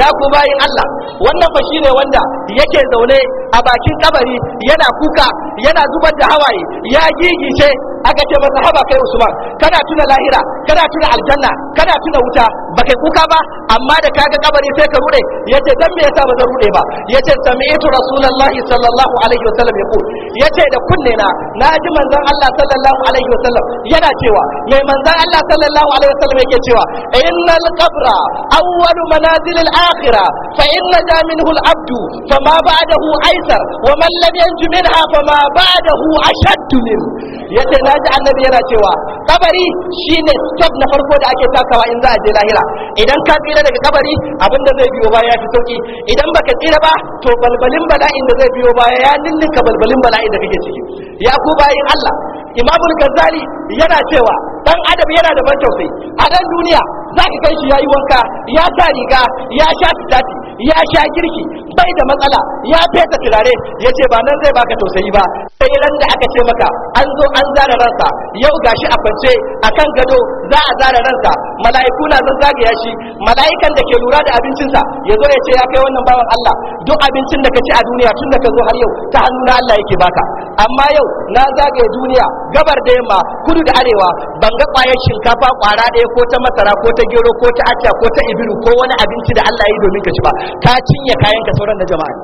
ya ku bayin Allah wannan fa ne wanda yake zaune a bakin kabari yana kuka yana zubar da hawaye ya gigice aka ce masa haba kai usman kana tuna lahira kana tuna aljanna kana tuna wuta ba kai kuka ba amma da kaga kabari sai ka rude yace dan me yasa ba zan rude ba yace sami'tu rasulullahi sallallahu alaihi wasallam yaqul yace da kunne na naji manzon Allah sallallahu alaihi wasallam yana cewa mai manzon Allah sallallahu alaihi wasallam yake cewa innal qabra awwalu manazil al akhira, fa inna ja minhu al-abd fama ba'dahu aysar wa man lam yanju minha fama ba'dahu ashaddu min yace na ya ji annabi yana cewa kabari shine step na farko da ake takawa in za a je lahira idan ka tsira daga kabari da zai biyo baya ya fi sauki idan baka tsira ba to balbalin bala'in da zai biyo baya ya ninninka balbalin bala'in da kake ciki ya ku bayin Allah imamul gazali yana cewa dan adabi yana da ban tausayi a dan duniya zaka kai shi ya yi wanka ya sa riga ya sha fitati ya sha girki bai da matsala ya fesa turare ya ce ba nan zai baka tausayi ba sai ran da aka ce maka an zo an zara ransa yau gashi a kwance a kan gado za a zara ransa mala'iku na zan zagaya shi mala'ikan da ke lura da abincinsa ya zo ya ce ya kai wannan bawan Allah duk abincin da ka ci a duniya tun da ka zo har yau ta hannu na Allah yake baka amma yau na zagaye duniya gabar da yamma kudu da arewa ban ga kwayar shinkafa kwara ɗaya ko ta masara ko ta gero ko ta acca ko ta ibiru ko wani abinci da Allah ya yi domin ka ci ba ka cinye kayan ka sauran na jama'a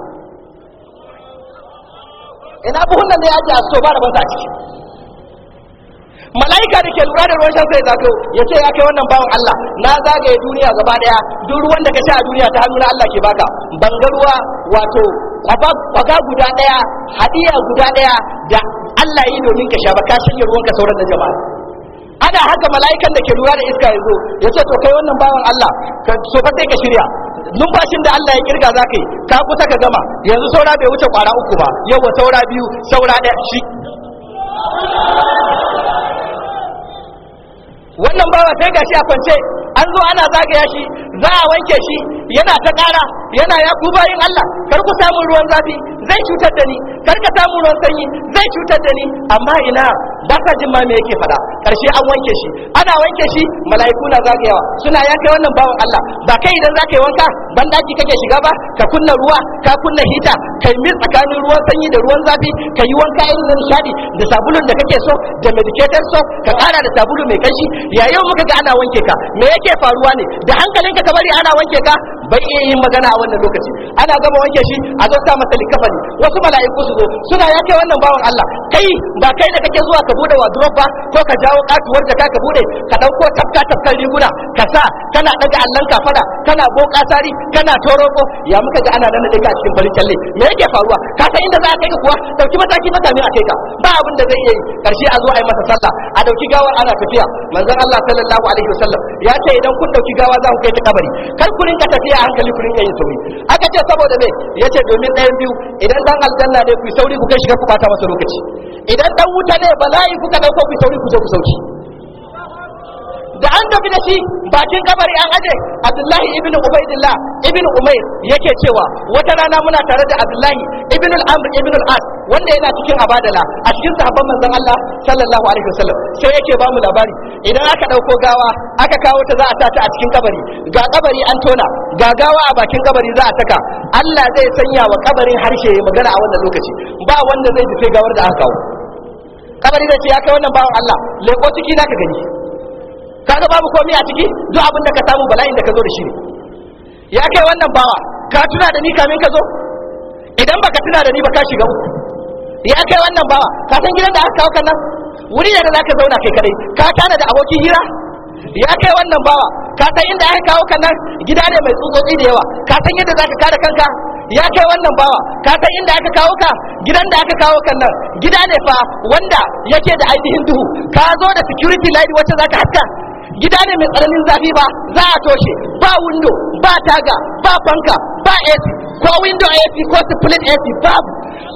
ina buhun nan da ya ajiye so ba rabon sa ciki mala'ika da ke lura da ruwan shan sai zato ya ce ya kai wannan bawan Allah na zagaye duniya gaba daya duk ruwan da ka sha a duniya ta hannu na Allah ke baka bangaruwa wato kwaga guda daya hadiya guda daya da Allah yi domin ka sha ba ka shanye ruwan ka sauran da jama'a ana haka mala'ikan da ke lura da iska ya zo ya ce to kai wannan bawan Allah ka so sai ka shirya numfashin da Allah ya kirga za ka yi ka kusa ka gama yanzu saura bai wuce kwara uku ba yau yawa saura biyu saura ɗaya shi wannan bawa sai gashi a kwance an zo ana zagaya shi za a wanke shi yana ta ƙara yana ya kubayin Allah kar ku samu ruwan zafi zai cutar da ni kar ka samu ruwan sanyi zai cutar da ni amma ina ba ka jin ma me yake faɗa karshe an wanke shi ana wanke shi mala'iku na zagayawa suna ya kai wannan bawan Allah ba kai idan za ka yi wanka ban daki kake shiga ba ka kunna ruwa ka kunna hita kai mi tsakanin ruwan sanyi da ruwan zafi ka yi wanka irin na nishadi da sabulun da kake so da medicated soap ka kara da sabulu mai kashi yayin muka ga ana wanke ka me yake faruwa ne da hankalinka ka bari ana wanke ka bai iya yin magana a wannan lokaci ana gama wanke shi a zo ta masa likafani wasu mala'iku su zo suna ya kai wannan bawan Allah kai ba kai da kake zuwa ka bude wardrobe ba ko ka jawo katuwar da ka bude ka dauko tafka tafkan riguna ka sa kana daga allon kafada kana boka sari kana toroko ya muka ga ana nan da a cikin farin kalle me yake faruwa ka san inda za ka kai kuwa dauki mataki matami a kai ka ba abin da zai iya yi karshe a zo a yi masa sallah a dauki gawar ana tafiya manzon Allah sallallahu alaihi wasallam ya ce idan kun dauki gawa za ku kai ta kabari kar ku rinka tafiya hankali ku rinka yin sauri aka ce saboda me yace domin ɗayan biyu idan dan aljanna ne ku sauri ku kai shiga ku bata masa lokaci idan dan wuta ne bala'i kuka dauko ku sauri ku zo ku sauki da an tafi da shi bakin kabari an aje abdullahi ibn ubaidillah ibn umair yake cewa wata rana muna tare da abdullahi ibn al-amr ibn al-as wanda yana cikin abadala a cikin sahabban manzon Allah sallallahu alaihi wasallam sai yake ba mu labari idan aka dauko gawa aka kawo ta za a tata a cikin kabari ga kabari an tona ga gawa a bakin kabari za a saka Allah zai sanya wa kabarin harshe magana a wannan lokaci ba wanda zai tafi gawar da aka kawo kabari da ce ya kai wannan bawan Allah leko ciki naka gani kaga babu komai a ciki duk abin da ka samu bala'in da ka zo da shi ne ya kai wannan bawa ka tuna da ni kamin ka zo idan baka tuna da ni ba ka shiga uku ya kai wannan bawa ka san gidan da aka kawo kan nan wuri da zaka zauna kai kadai ka tana da abokin hira ya kai wannan bawa ka san inda aka kawo kan nan gida ne mai tsutsotsi da yawa ka san yadda zaka kare kanka ya kai wannan bawa ka san inda aka kawo ka gidan da aka kawo kan nan gida ne fa wanda yake da ainihin duhu ka zo da security light wacce zaka haska gida ne mai tsananin zafi ba za a toshe ba window ba taga ba fanka ba AC ko window AC ko split AC ba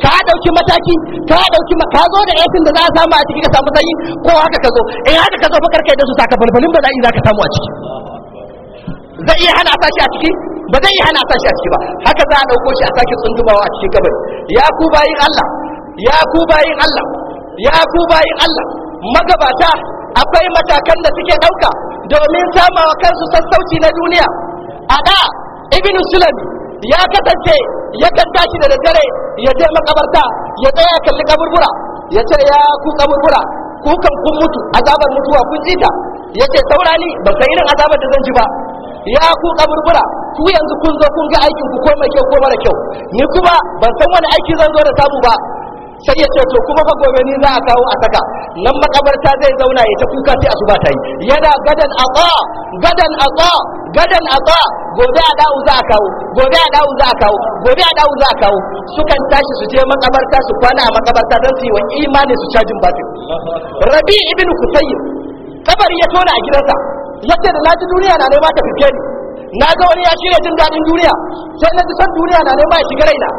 ka dauki mataki ka dauki ka zo da AC da za a samu a ciki ka samu sanyi ko haka ka zo in haka ka zo fa karkai da su saka balbalin ba za a yi ka samu a ciki zai iya hana sashi a ciki ba zai iya hana sashi a ciki ba haka za a dauko shi a sake tsundumawa a cikin kabari ya ku bayin Allah ya ku bayin Allah ya ku bayin Allah magabata akwai matakan da suke ɗauka domin samawa kansu sassauci na duniya a da ibn sulami ya kasance yakan tashi da daddare ya je makabarta ya tsaya kalli kaburbura ya ce ya ku kaburbura kukan kun mutu azabar mutuwa kun ji ta ya ce saurani ba san irin azabar da zan ji ba ya ku kaburbura ku yanzu kun zo kun ga aikin ku ko mai kyau ko mara kyau ni kuma ban san wani aiki zan zo da samu ba sai ya ce to kuma fa gobe ni za a kawo a saka nan makabarta zai zauna ya ta kuka sai asuba ta yi yana gadan aqa gadan aqa gadan aqa gobe a dawo za a kawo gobe a dawo za a kawo gobe a dawo za a kawo sukan tashi su je makabarta su kwana a makabarta don su yi wa imani su cajin batir rabi ibn kusayyib kabari ya tona a gidansa yace da laji duniya na nema ta fike ni na ga wani ya shirya jin daɗin duniya sai na ji san duniya na nema ya shiga raina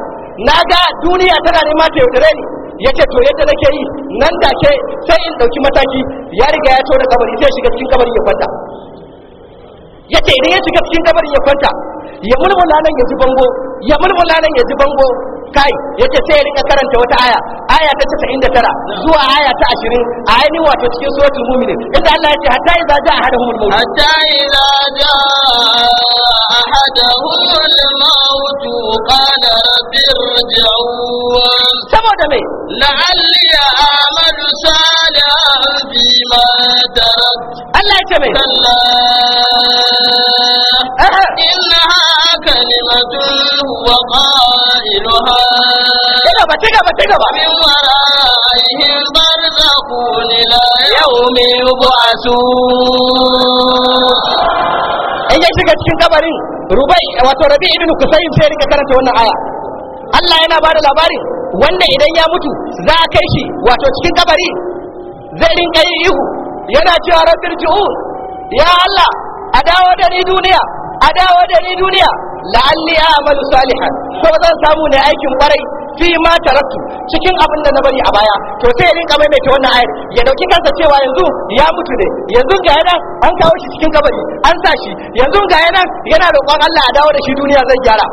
na ga duniya tana nema ta yaudare ni ya ce to yadda nake yi nan da ke sai in ɗauki mataki ya riga ya tona kabari zai shiga cikin kabari ya kwanta ya ce idan ya shiga cikin kabari ya kwanta ya mulmula nan ya ji bango ya mulmula nan ya ji bango kai ya ce sai ya rika karanta wata aya aya ta casa'in da tara zuwa aya ta ashirin a ainihin wato cikin suratul mu'minin inda Allah ya ce hatta idza ja'a ahaduhumul maut hatta idza ja'a ahaduhumul maut الموت قال ارجعوا saboda me la'alli amalu salihan fi ma tarak Allah ya ce me innaha kalimatun huwa qailuha ina ba tiga ba tiga ba min wara'ihim barzakhun ila yawmi yub'asun in ya shiga cikin kabarin rubai wato rabi ibn kusayn sai rika karanta wannan aya Allah yana bada labarin wanda idan ya mutu za a kai shi wato cikin kabari zai rinka yin ihu yana cewa rabbil ju'un ya Allah a dawo da ni duniya a dawo da ni duniya la'alli a'malu salihan ko zan samu ne aikin kwarai fi ma tarattu cikin abin da na bari a baya to sai ya rinka mai ta wannan ayar ya dauki kansa cewa yanzu ya mutu ne yanzu ga yana an kawo shi cikin kabari an sa shi yanzu ga yana yana roƙon Allah a dawo da shi duniya zai gyara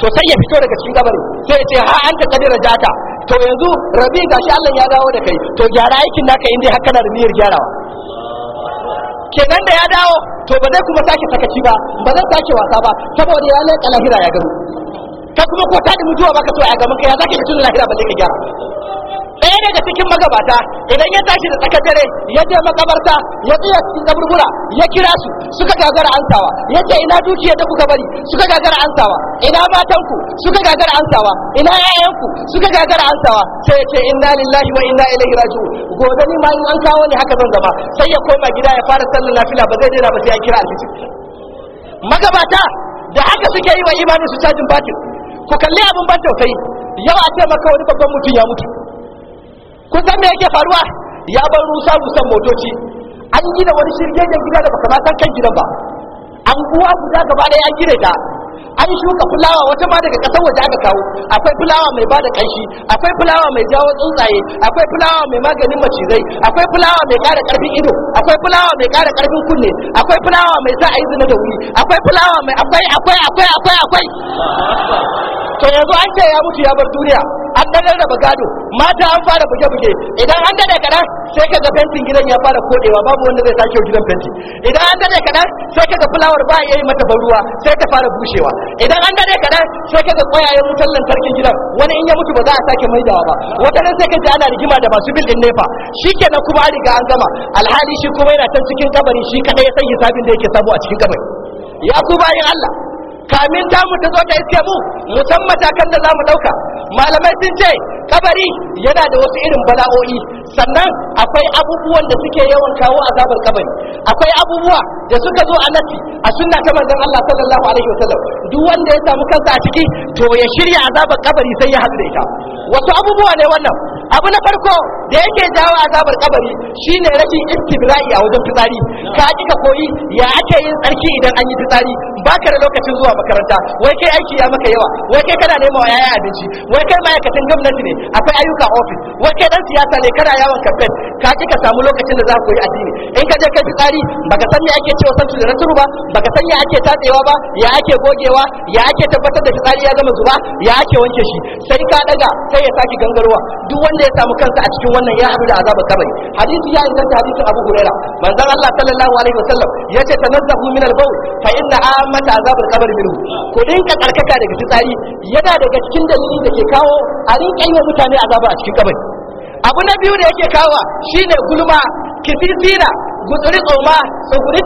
to sai ya fito daga cikin kabarin sai ya ce ha an kadira jata to yanzu rabi gashi Allah ya dawo da kai to gyara aikin naka inda har kana da gyarawa kenan da ya dawo to ba zai kuma sake sakaci ba ba zai sake wasa ba saboda ya leƙa lahira ya gano ka kuma ko ta da mutuwa baka so a gaban ka ya zaka ka tuna lahira ba zai ka gyara ɗaya daga cikin magabata idan ya tashi da tsakar dare ya je makabarta ya tsaya cikin kaburbura ya kira su suka gagara ansawa ya ce ina dukiya da kuka bari suka gagara ansawa ina matanku suka gagara ansawa ina ƴaƴanku suka gagara ansawa sai ya ce inna lillahi wa inna ilaihi raji'un gobe ni ma in an kawo ni haka zan zama sai ya koma gida ya fara sallar nafila ba zai daina ba sai an kira alfijir magabata da haka suke yi wa imanin su cajin batir ku kalli abin ban tausayi yau a ce maka wani babban mutum ya mutu kun san me yake faruwa ya bar rusa rusan motoci an gina wani shirgegen gida da baka ma san kan gidan ba An anguwa guda gaba ɗaya an gina ta an shuka fulawa wata ma daga kasar waje aka kawo akwai fulawa mai bada kanshi akwai fulawa mai jawo tsuntsaye akwai fulawa mai maganin macizai akwai fulawa mai ƙara karfin ido akwai fulawa mai kara karfin kunne akwai fulawa mai sa yi zina da wuri akwai fulawa mai akwai akwai akwai akwai akwai to yanzu an ce ya mutu ya bar duniya an ɗanar da gado mata an fara buge-buge idan an daɗe kaɗan sai ka ga fentin gidan ya fara koɗewa babu wanda zai sake gidan fenti idan an dade kaɗan sai ka ga fulawar ba ya yi mata baruwa sai ta fara bushewa idan an daɗe kaɗan sai ka ga ƙwayayen wutar lantarkin gidan wani in ya mutu ba za a sake maidawa ba nan sai ka ji ana rigima da masu bil ɗin nefa shi kenan kuma an riga an gama alhali shi kuma yana can cikin kabari shi kaɗai ya san hisabin da yake sabo a cikin kabari ya ku bayan Allah kamin ta mu ta zo ta iske mu musan matakan da za mu ɗauka malamai sun ce kabari yana da wasu irin bala'o'i sannan akwai abubuwan da suke yawan kawo azabar kabari akwai abubuwa da suka zo a nati a sunna ta manzon Allah sallallahu alaihi wasallam duk wanda ya samu kansa a ciki to ya shirya azabar kabari sai ya hadu da ita wasu abubuwa ne wannan abu na farko da yake jawo azabar kabari shine rashin istibra'i a wajen fitsari ka kika koyi ya ake yin tsarki idan an yi fitsari baka da lokacin zuwa makaranta wai kai aiki ya maka yawa wai kai kana nema yaya abinci wai kai ma'aikatan gwamnati ne akwai ayyuka ofis wai kai dan siyasa ne kana yawon campaign ka kika samu lokacin da za ka koyi addini in ka je kai fitsari baka san me ake cewa sanci da rasuru ba baka san ya ake tatsewa ba ya ake gogewa ya ake tabbatar da fitsari ya gama zuba ya ake wanke shi sai ka daga sai ya saki gangarwa duk wanda wanda ya samu kansa a cikin wannan ya haɗu da azabar kabari hadisi ya inganta hadisin Abu Huraira manzon Allah sallallahu alaihi wasallam yace tanazzahu min al-bawl fa inna amata azabar kabari minhu ku dinka karkaka daga fitsari yana daga cikin dalili da ke kawo a rinka yi wa mutane azaba a cikin kabari abu na biyu da yake kawo shine gulma kisisira gutsuri tsoma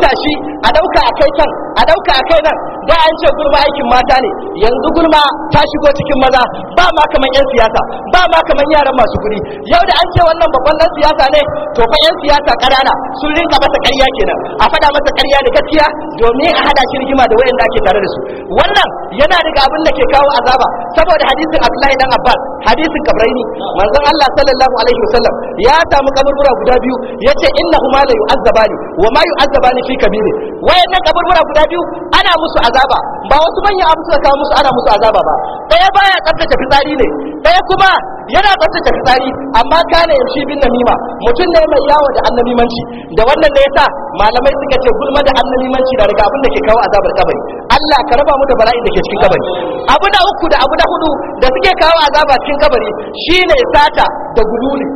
tashi a ɗauka a kai can a ɗauka a kai nan da an ce gulma aikin mata ne yanzu gulma ta shigo cikin maza ba ma kamar yan siyasa ba ma kamar yaran masu kuɗi yau da an ce wannan babban dan siyasa ne to fa yan siyasa ƙanana sun rinka masa ƙarya kenan a faɗa masa ƙarya da gaskiya domin a hada shi rigima da wayanda ake tare da su wannan yana daga abin da ke kawo azaba saboda hadisin Abdullahi dan Abbas hadisin kabraini manzon Allah sallallahu alaihi wasallam ya samu kaburbura guda biyu yace innahuma la yu'azzabani wa ma yu'azzabani fi kabiri wayannan kaburbura guda biyu ana musu azaba ba wasu manyan abu suka kawo musu ana musu azaba ba ɗaya baya tsaftace fitsari ne ɗaya kuma yana tsaftace fitsari amma kana yamshi bin namima mutum ne mai yawo da annabimanci da wannan da yasa malamai suka ce gulma da annabimanci da riga abin da ke kawo azabar kabari Allah ka raba mu da bala'in da ke cikin kabari abu da uku da abu da hudu da suke kawo azaba cikin kabari shine sata da gululi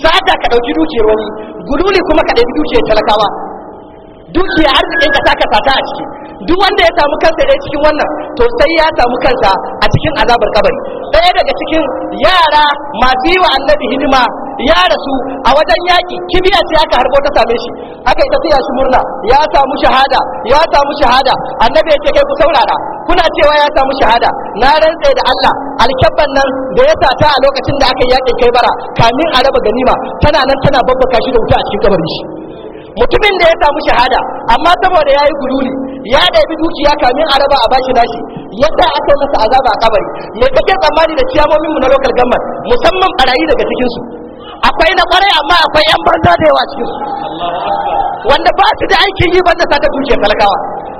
sata ka ɗauki dukiyar wani gululi kuma ka dauki dukiyar talakawa dukiya arzikin ka taka sata a ciki duk wanda ya samu kansa ɗaya cikin wannan to sai ya samu kansa a cikin azabar kabari ɗaya daga cikin yara masu yi wa annabi hidima ya rasu a wajen yaki kibiya ce aka harbo ta same shi aka yi tafiya shi murna ya samu shahada ya samu shahada annabi yake kai ku saurara kuna cewa ya samu shahada na rantse da Allah alkabban nan da ya sata a lokacin da aka yi yaƙin kai bara kamin a raba ganima tana nan tana babbaka shi da wuta a cikin kabarin shi mutumin da ya samu shahada amma saboda yayi guduri ya dabi dukiya kamin a raba a bashi nashi yadda aka masa azaba a kabari me kake tsammani da ciyamomin mu na local government musamman barayi daga cikin su akwai na kwarai amma akwai yan banza da yawa cikin su wanda ba su da aikin yi banda sata dukiya talakawa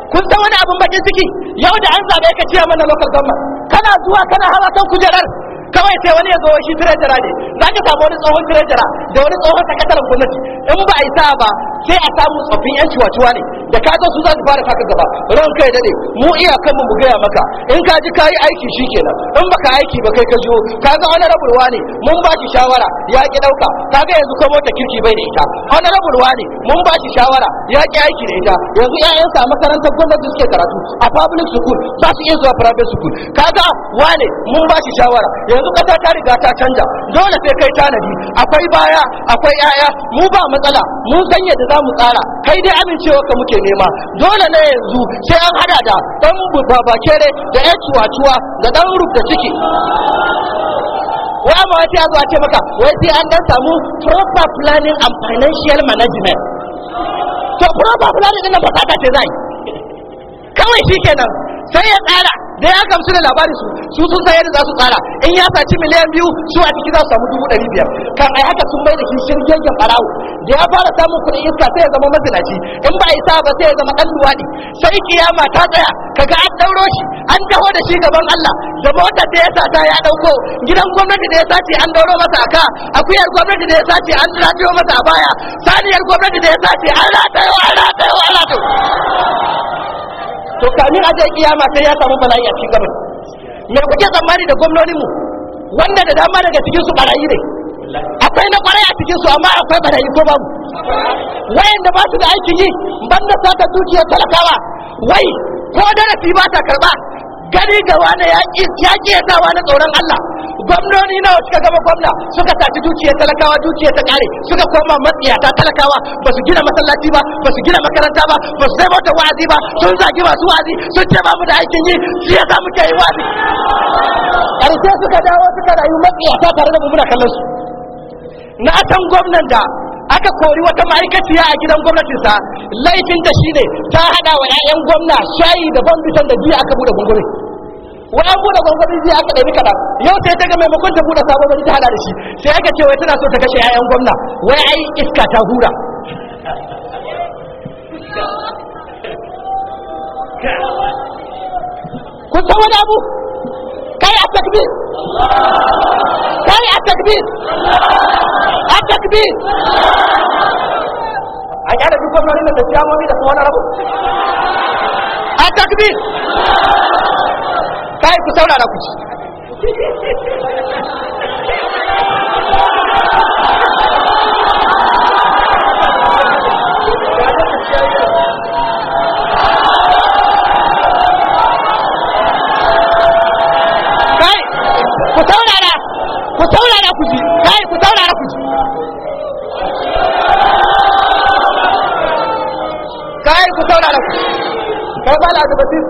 kun san wani abun bakin ciki yau da an zabe ka ciya mana local government kana zuwa kana hawa kan kujerar kawai sai wani ya zo shi tirejara ne za ka samu wani tsohon tirejara da wani tsohon sakataren gwamnati in ba a yi sa ba sai a samu tsoffin yan ciwaciwa ne da ka zo su za su fara taka gaba ran kai dade mu iya kanmu mu gaya maka in ka ji kayi aiki shikenan in ka aiki ba kai ka jiwo ka ga wani rabulwa ne mun ba shi shawara ya ki dauka ka ga yanzu kuma ta kirki bai da ita wani rabulwa ne mun ba shi shawara ya ki aiki da ita yanzu ƴaƴan sa makarantar gwamnati suke karatu a public school ba su iya zuwa private school ka ga wane mun ba shi shawara yanzu kasa ta riga ta canja dole sai kai tanadi akwai baya akwai ƴaƴa mu ba matsala mun san yadda za mu tsara kai dai amincewa ka muke nema dole ne yanzu sai an hada da dan babakere da ya cuwa da dan rubda ciki wai ma wata ya ce maka wai sai an dan samu proper planning and financial management to proper planning din nan ta ce zai kawai shikenan sai ya tsara da ya su da labari su su sun sa yadda za su tsara in ya saci miliyan biyu su a ciki za su samu dubu ɗari biyar kan ai haka sun bai da shi shirgegen ɓarawo da ya fara samun kuɗin iska sai ya zama mazinaci in ba isa ba sai ya zama ɗan luwaɗi sai kiyama ta tsaya kaga an ɗauro shi an taho da shi gaban Allah da motar da ya sata ya ɗauko gidan gwamnati da ya sace an ɗauro masa aka akuyar gwamnati da ya sace an rajiyo masa a baya saniyar gwamnati da ya sace an ta je kiyama sai ya samu bala'i a cikin gabar me kuke tsammani da gwamnoninmu wanda da dama daga cikin su barayi ne akwai na kwarai a cikin su amma akwai barayi ko babu wayanda ba su da aikin yi banda sata dukiyar talakawa wai ko darasi ba ta karba gani ga wani ya ƙi ya ƙi ya sa tsoron Allah gwamnoni nawa suka gama gwamna suka tafi dukiyar talakawa dukiyar ta kare suka koma matsiyata talakawa ba su gina masallaci ba ba su gina makaranta ba ba su zai mota wa'azi ba sun zagi masu wa'azi sun ce ba mu da aikin yi shi samu muke yi wa'azi karshe suka dawo suka rayu matsiyata tare da bubuna kallon su na atan gwamnan da aka kori wata ma'aikaciya a gidan gwamnatinsa laifinta shine ta hada wa 'ya'yan gwamna shayi da bandutan da giya aka bude gungunin. wai an buɗe gwangwamin jiya aka ɗari kaɗan yau sai ta ga maimakon ta buɗe sabon wani ta hada da shi sai aka ce wai tana so ta kashe 'ya'yan gwamna wai ai iska ta hura kun san wani abu kai a takbir kai a takbir a takbir a kyara duk gwamnati da ciyamomi da kuma wani rabu a takbir kai ku saurara ku ci kai ku saurara ku saurara ku ji kai ku saurara ku ji kai ku saurara ku ji kai ba la da batis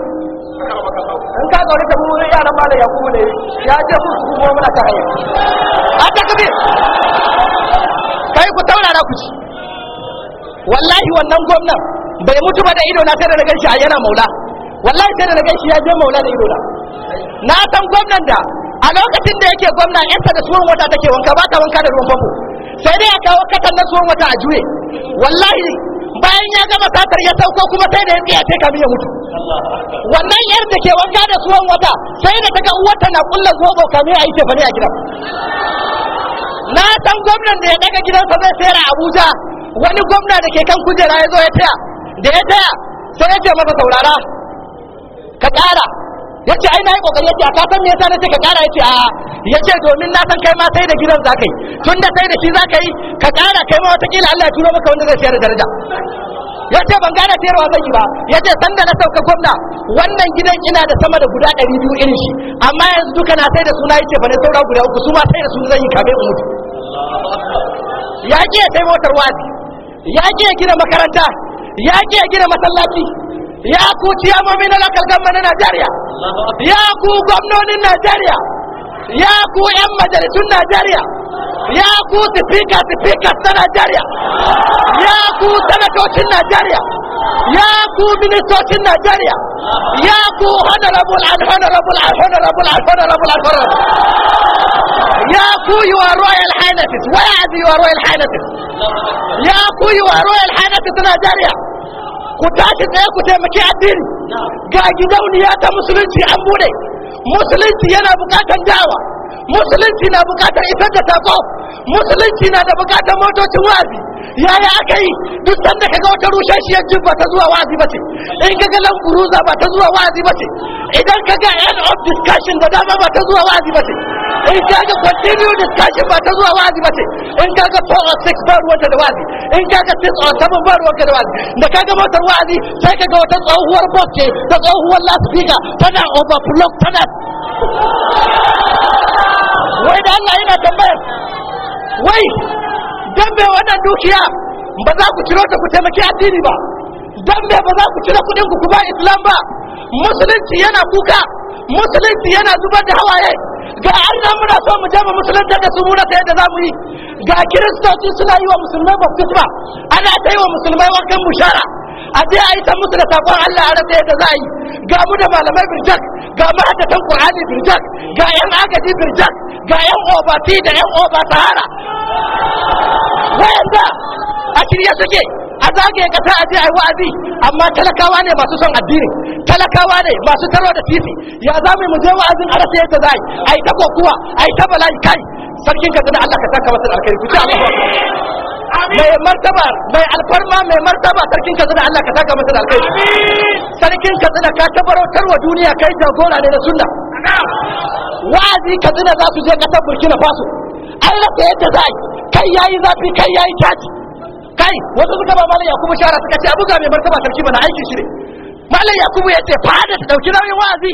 an ka gaure ta yaran mala ya ne ya je ku su kuma muna ta hanyar a ta kabe kai ku taurara ku ci wallahi wannan gwamnan bai mutu ba da ido na sai da na ganshi a yana maula wallahi sai da na ganshi ya je maula da ido na na san gwamnan da a lokacin da yake gwamna sa da suwan wata take wanka ba ta wanka da ruwan famfo sai dai a kawo katan na suwan wata a juye wallahi bayan ya gama satar ya sauko kuma sai da yanzu ya ce kamin ya mutu wannan yar da ke wanka da suwan wata sai da ta ga uwarta na kullan zobo kamin a yi tefani a gidan na san gwamnan da ya daga gidansa zai sayar abuja wani gwamna da ke kan kujera ya zo ya taya da ya taya sai ya ce masa saurara ka kara yace ai na yi kokari yace a kasan me yasa na ka kara yace a yace domin na san kai ma sai da gidan ka yi da sai da shi ka yi ka kara kai ma watakila Allah ya turo maka wanda zai sayar da daraja yace ban gane sayarwa zan yi ba yace san da na sauka gwamna wannan gidan ina da sama da guda 200 irin shi amma yanzu duka na sai da suna yace ba na saura guda uku su ma sai da su zan yi kame in mutu ya ke sai motar wazi ya ke gina makaranta ya ke gina masallaci ya ku ciyamomi na lakal na najeriya ya ku gwamnonin najeriya ya ku 'yan majalisun najeriya ya ku sifika sifika na najeriya ya ku sanatocin najeriya ya ku ministocin najeriya ya ku honorable and honorable and honorable and honorable and honorable ya ku your royal highnesses where are your royal highnesses ya ku your royal highnesses najeriya ku tashi tsaye ku taimaki addini ga gidauniya ta musulunci an bude musulunci yana bukatar dawa musulunci na bukatar isar da sako musulunci na da bukatar motocin wazi yaya aka yi duk sanda ka ga wata shi jin ba ta zuwa wazi ba ce in ka ga lankuruza ba ta zuwa wazi ba ce idan ka ga end of discussion da dama ba ta zuwa wazi ba ce in ga continue discussion ba ta zuwa wa'azi ba ce in ga 4 or 6 ba ruwanta da wa'azi in ga 6 or 7 ba ruwanta da wa'azi da ka ga motar wa'azi sai ka ga wata tsohuwar box ce ta tsohuwar speaker tana overflow tana wai da Allah yana tambayar wai dan me wannan dukiya ba za ku ciro ta ku taimaki addini ba dan me ba za ku cire kuɗin ku ku ba islam ba musulunci yana kuka musulunci yana zubar da hawaye ga annan muna so mu je mu musulunta da su muna sai da zamu yi ga kiristoci suna yi wa musulmai baptisma ana ta yi wa musulmai wankan bushara a je a yi ta musu da sabon Allah a rasa yadda za a yi ga mu da malamai birjak ga mahaddatan Qur'ani birjak ga yan agaji birjak ga yan obati da yan oba sahara wayanda a kirya suke a zagaye kasa a je a yi wa'azi amma talakawa ne masu son addini talakawa ne masu tarwa da titi ya za mu je wa'azin a rasa yadda za a yi ta kokuwa a yi ta bala'i kai sarkin ka tana Allah ka saka masa alkhairi ku ta mai martaba mai alfarma mai martaba sarkin ka tana Allah ka saka masa alkhairi sarkin ka tana ka tabarautar wa duniya kai jagora ne na sunna wa'azi ka tana za su je kasar Burkina Faso an rasa yadda za a yi kai yayi zafi kai yayi caci kai wanda suka ba malam yakubu shara suka ce abuga mai martaba sarki bana aikin shi ne malam yakubu ya ce fada ta dauki nauyin wa'azi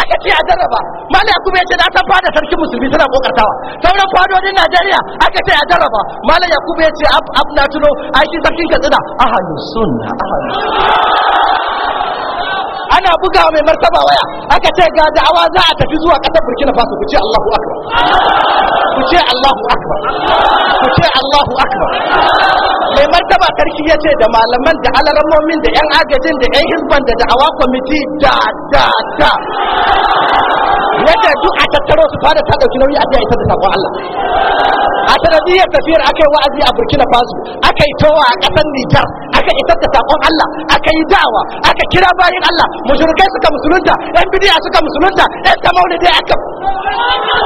aka ce a jarraba malam yakubu ya ce na san fada sarki musulmi suna kokartawa sauran fadodin najeriya aka ce a jarraba malam yakubu ya ce ab na tuno aikin sarkin katsina ahalus sunna ahalus ana buga mai martaba waya aka ce ga da'awa za a tafi zuwa ƙasar burkina faso ku ce allahu akbar ku ce allahu akbar ku ce allahu akbar mai martaba sarki ya ce da malaman da alaramomin da yan agajin da yan hizban da da'awa kwamiti da da da yadda duk a tattaro su fara ta ɗauki nauyi a biya ita da sakon allah a sanadiyar tafiyar aka yi wa'azi a burkina faso aka yi towa a ƙasar nijar aka isar da sakon Allah aka yi dawa aka kira bayin Allah mushrikai suka musulunta yan bidiya suka musulunta yan ta maulidi aka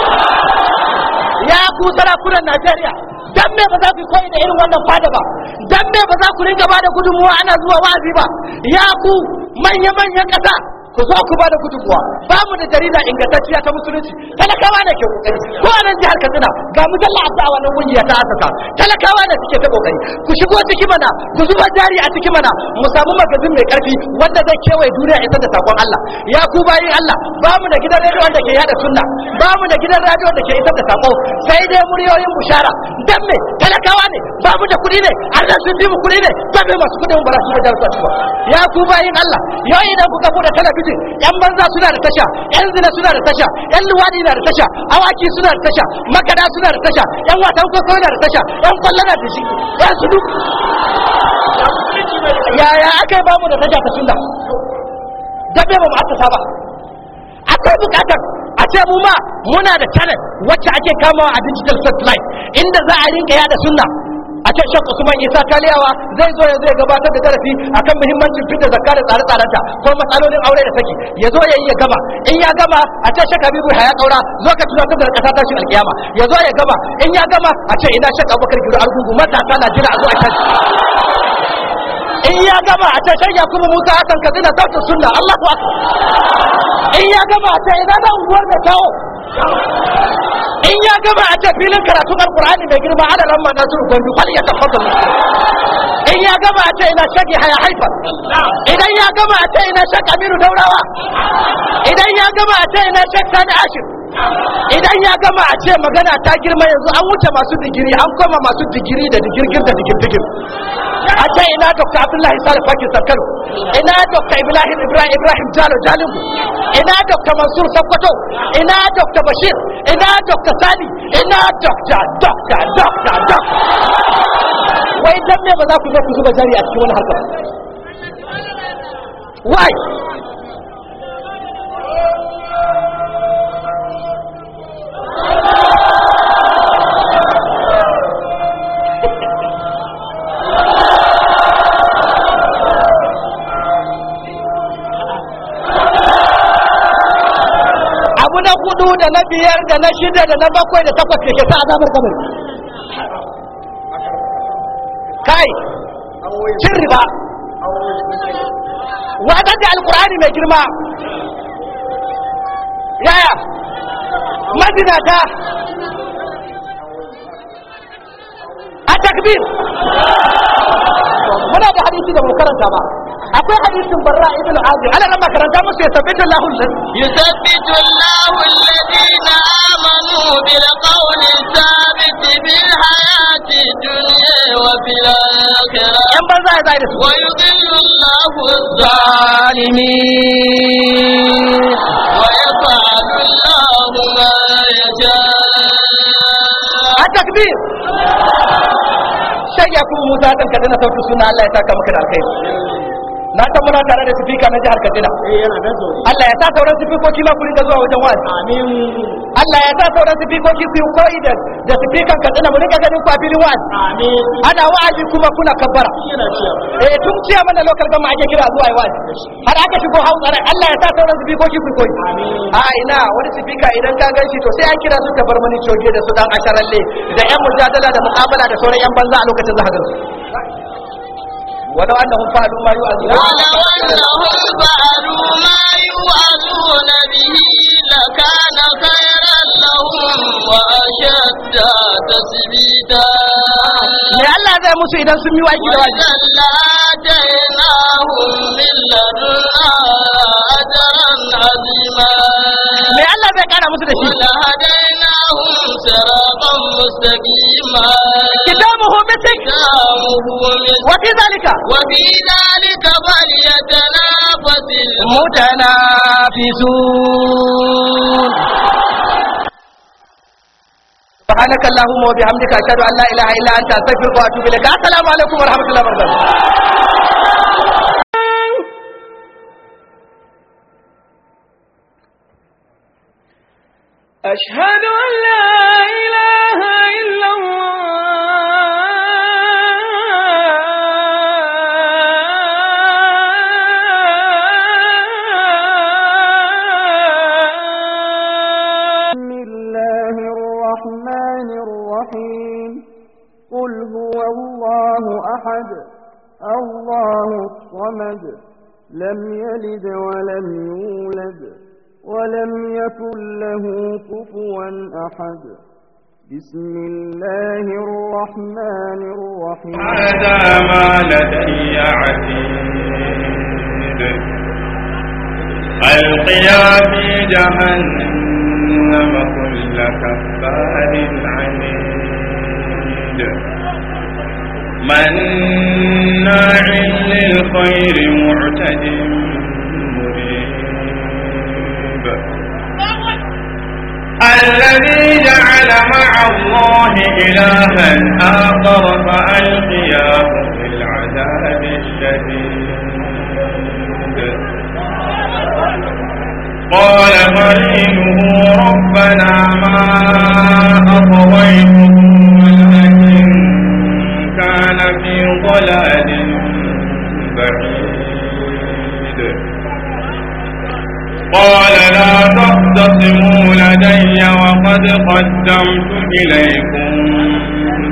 *laughs* ya ku sarakunan Najeriya dan me ba za ku koyi da irin wannan fada ba dan me ba za ku ringa ba da gudunmuwa ana zuwa wa'azi ba ya ku manya-manyan ƙasa ku zo ku bada gudunmuwa ba mu da jarida ingantacciya ta musulunci talakawa ne ke kokari ko a nan jihar katsina ga mu zalla a wannan kungiya ta asasa talakawa ne suke ta kokari ku shigo ciki mana ku zuba jari a ciki mana mu samu magazin mai karfi wanda zai kewaye duniya isar da sakon Allah ya ku bayin Allah ba mu da gidan radio wanda ke yada sunna ba mu da gidan radio wanda ke isar da sako sai dai muryoyin bushara dan me talakawa ne ba mu da kuɗi ne Allah sun bi mu kuɗi ne ba masu kuɗin ba su da jarfa ya ku bayin Allah yau idan kuka buɗe talabijin gwamnatin yan banza suna da tasha yan zina suna da tasha yan luwadi na da tasha awaki suna da tasha makada suna da tasha yan watan kwakwa na da tasha yan kwallo na da shi yan su duk yaya aka yi bamu da tasha ta sunna dabe ba mu asasa ba akwai bukatar a ce mu ma muna da channel wacce ake kamawa a digital satellite inda za a rinka yada sunna a can shakka kuma isa taliyawa zai zo ya zo ya gabatar da darasi akan muhimmancin fitar zakka da tsare-tsarenta ko matsalolin aure da saki ya zo ya yi ya gama in ya gama a can shakka bibu ya kaura zo ka tunatar da kasa shi alkiyama ya zo ya gama in ya gama a ce ina shakka abubakar gido algugu matasa na jira a zo a can in ya gama a can shan kuma musa hasan katsina sautin sunna allahu akbar in ya gama a can ina da unguwar da tawo? in ya gama a ce filin karatun alkur'ani mai girma ana ramma na suru gwandu kwal ya tabbata in ya gama a ce ina shaki haya haifa idan ya gama a ce ina shaka aminu daurawa idan ya gama a ce ina shaka sani ashir idan ya gama a ce magana ta girma yanzu an wuce masu digiri an koma masu digiri da digirgir da digirgir a ce ina dr abdullahi salih pakistan kano ina dr ibrahim ibrahim ibrahim jalo jalingu ina dr mansur sokoto ina dr bashir ina dr sani ina dr dr dr dr wai dan me ba za ku zo ku zuba jari a cikin wani harkar why abu na hudu da na biyar da na shida da na bakwai da takwas da ke sa azabar kamar kai cin riba wadanda alkurani mai girma yaya ta. التكبير muna da hadisi da mu karanta ba akwai hadisin barra ibn azib ala nan makaranta musu ya tabbata Allahu yusabbitu Allahu alladhina amanu bil qawli thabit bil hayati dunya wa bil akhirah yan banza ya zai da su wa yudillu Allahu zalimin wa yaf'alu Allahu ma yasha takbir ya kuma musa kan ka dana sautu suna Allah ya saka maka da alkhairi na san muna tare da sifika na jihar Katsina eh, Allah ya sa sauran sifikoki ma ku da zuwa wajen wani. amin Allah ya sa sauran sifikoki su yi koyi da da sifikan Katsina mu rinka ganin ku a filin wani. amin ana wa'azi kuma kuna kabbara eh tun ciya mana lokal gama ake kira zuwa wani. har aka shigo hausa ne Allah ya sa sauran sifikoki su koyi a ina wani sifika idan ka gan shi to sai an kira su mani coge da su dan asharalle da yan mujadala da mu'amala da sauran yan banza a lokacin zahadar ولو أنهم فعلوا ما يوعظون ولو أنهم فعلوا ما يوعظون به لكان خيرا Me Allah zai musu idan sun yi waji da waji. Me Allah zai kara musu da shi. Kitabuhu mutik. Wa fi zalika. Wa fi zalika bal yatanafasil. Mutanafisun. سبحانك اللهم وبحمدك أشهد أن لا إله إلا أنت أستغفرك وأتوب إليك السلام عليكم ورحمة الله وبركاته أشهد أن لا إله إلا الله الله الصمد لم يلد ولم يولد ولم يكن له كفوا أحد بسم الله الرحمن الرحيم هذا ما لدي عتيد ألقيا في جهنم كل كفار عنيد مناع للخير معتد مريب الذي جعل مع الله إلها آخر فألقياه في العذاب الشديد قال قرينه ربنا ما أطويته ضلال بعيد قال لا تختصموا لدي وقد قدمت إليكم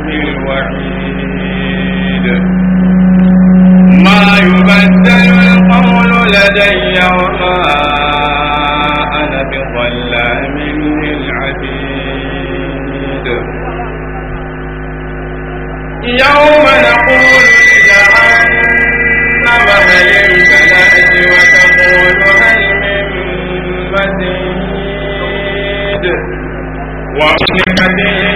بالوعيد ما يبدل القول لدي وما أنا بظلام للعبيد يوم day.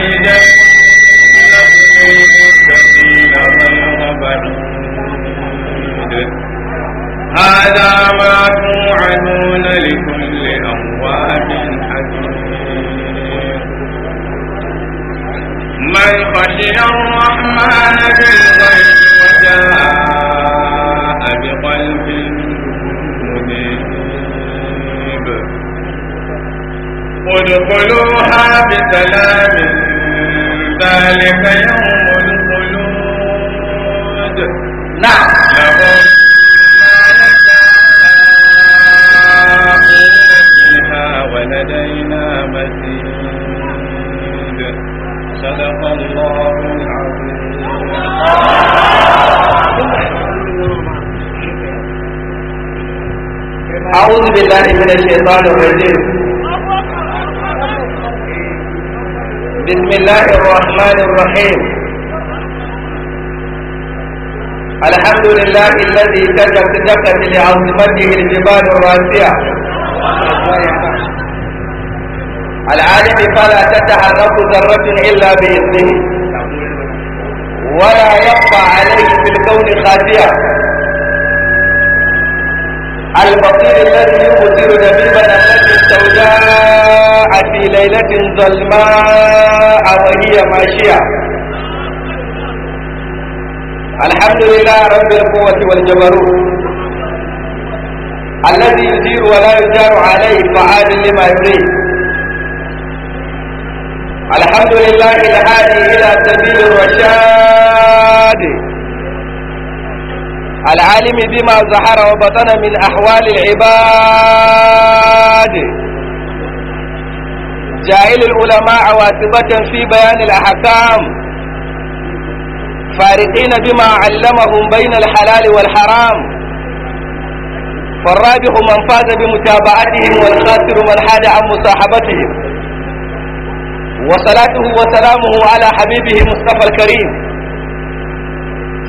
أدنى من ذلك يوم الخلود نعم لهم ما يشاءون فيها ولدينا مزيد صدق الله العظيم أعوذ بالله من الشيطان الرجيم بسم الله الرحمن الرحيم الحمد لله الذي دكت دكت لعظمته الجبال الراسية العالم فلا تتحرك ذرة إلا بإذنه ولا يبقى عليه في الكون خافية البصير الذي يبصر نبيبنا الذي سوداء في ليلة ظلماء وهي ماشية الحمد لله رب القوة والجبروت الذي يدير ولا يدار عليه فعال لما يريد الحمد لله الهادي إلى سبيل الرشاد العالم بما ظهر وبطن من أحوال العباد جاهل العلماء واثبة في بيان الأحكام فارقين بما علمهم بين الحلال والحرام فالرابح من فاز بمتابعتهم والخاسر من حاد عن مصاحبتهم وصلاته وسلامه على حبيبه مصطفى الكريم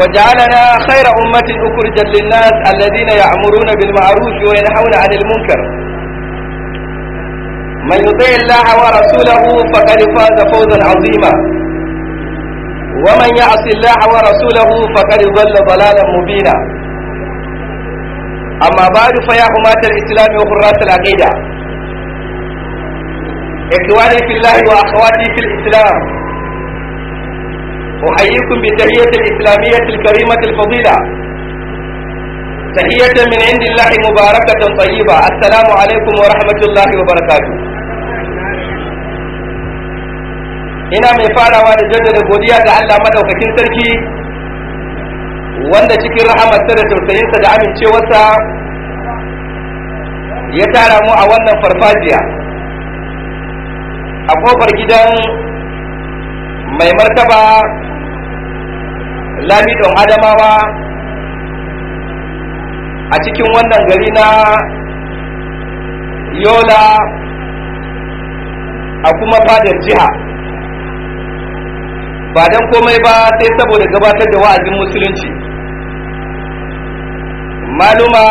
وجعلنا خير أمة أخرجت للناس الذين يأمرون بالمعروف وينهون عن المنكر من يطيع الله ورسوله فقد فاز فوزا عظيما ومن يعص الله ورسوله فقد ضل ضلالا مبينا أما بعد فيا حماة الإسلام وحراس العقيدة إخواني في الله وأخواتي في الإسلام أحييكم بتحية الإسلامية الكريمة الفضيلة تحية من عند الله مباركة طيبة السلام عليكم ورحمة الله وبركاته ina mai farawa da jaddada godiya ga Allah madaukakin sarki wanda cikin rahamarsa da tausayinsa da amincewarsa ya tara mu a wannan farfajiya a kofar gidan mai martaba lamidon adamawa a cikin wannan gari na yola a kuma fadar jiha ba don komai ba sai saboda gabatar da wa'azin musulunci maluma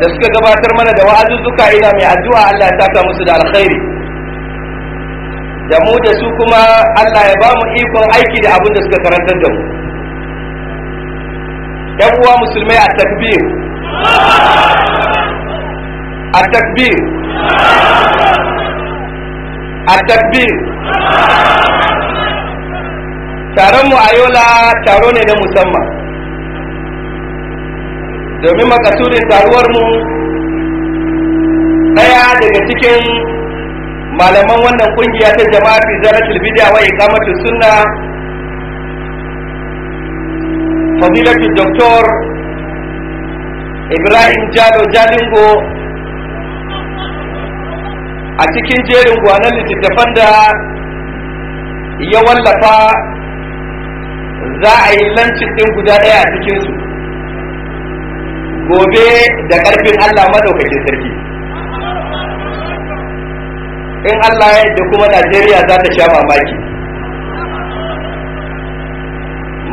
da suka gabatar mana da wa'azuzzuka ina mai addu'a Allah ya saka musu da alkhairi da mu da su kuma Allah ya ba mu ikon aiki da abin da suka karantar da mu ‘yan uwa musulmai a takbir a takbir a takbir taron mu a yola taro ne na musamman domin makasudin taruwar mu daya daga cikin malaman wannan kungiya ta jama'a fi zaratul bid'a wa iqamatus sunna fadilatu doktor ibrahim jalo jalingo a cikin jerin gwanan littattafan da ya wallafa za a yi lancin ɗin guda ɗaya a cikinsu gobe da ƙarfin allah maɗaukakin sarki in Allah ya da kuma Najeriya za ta sha mamaki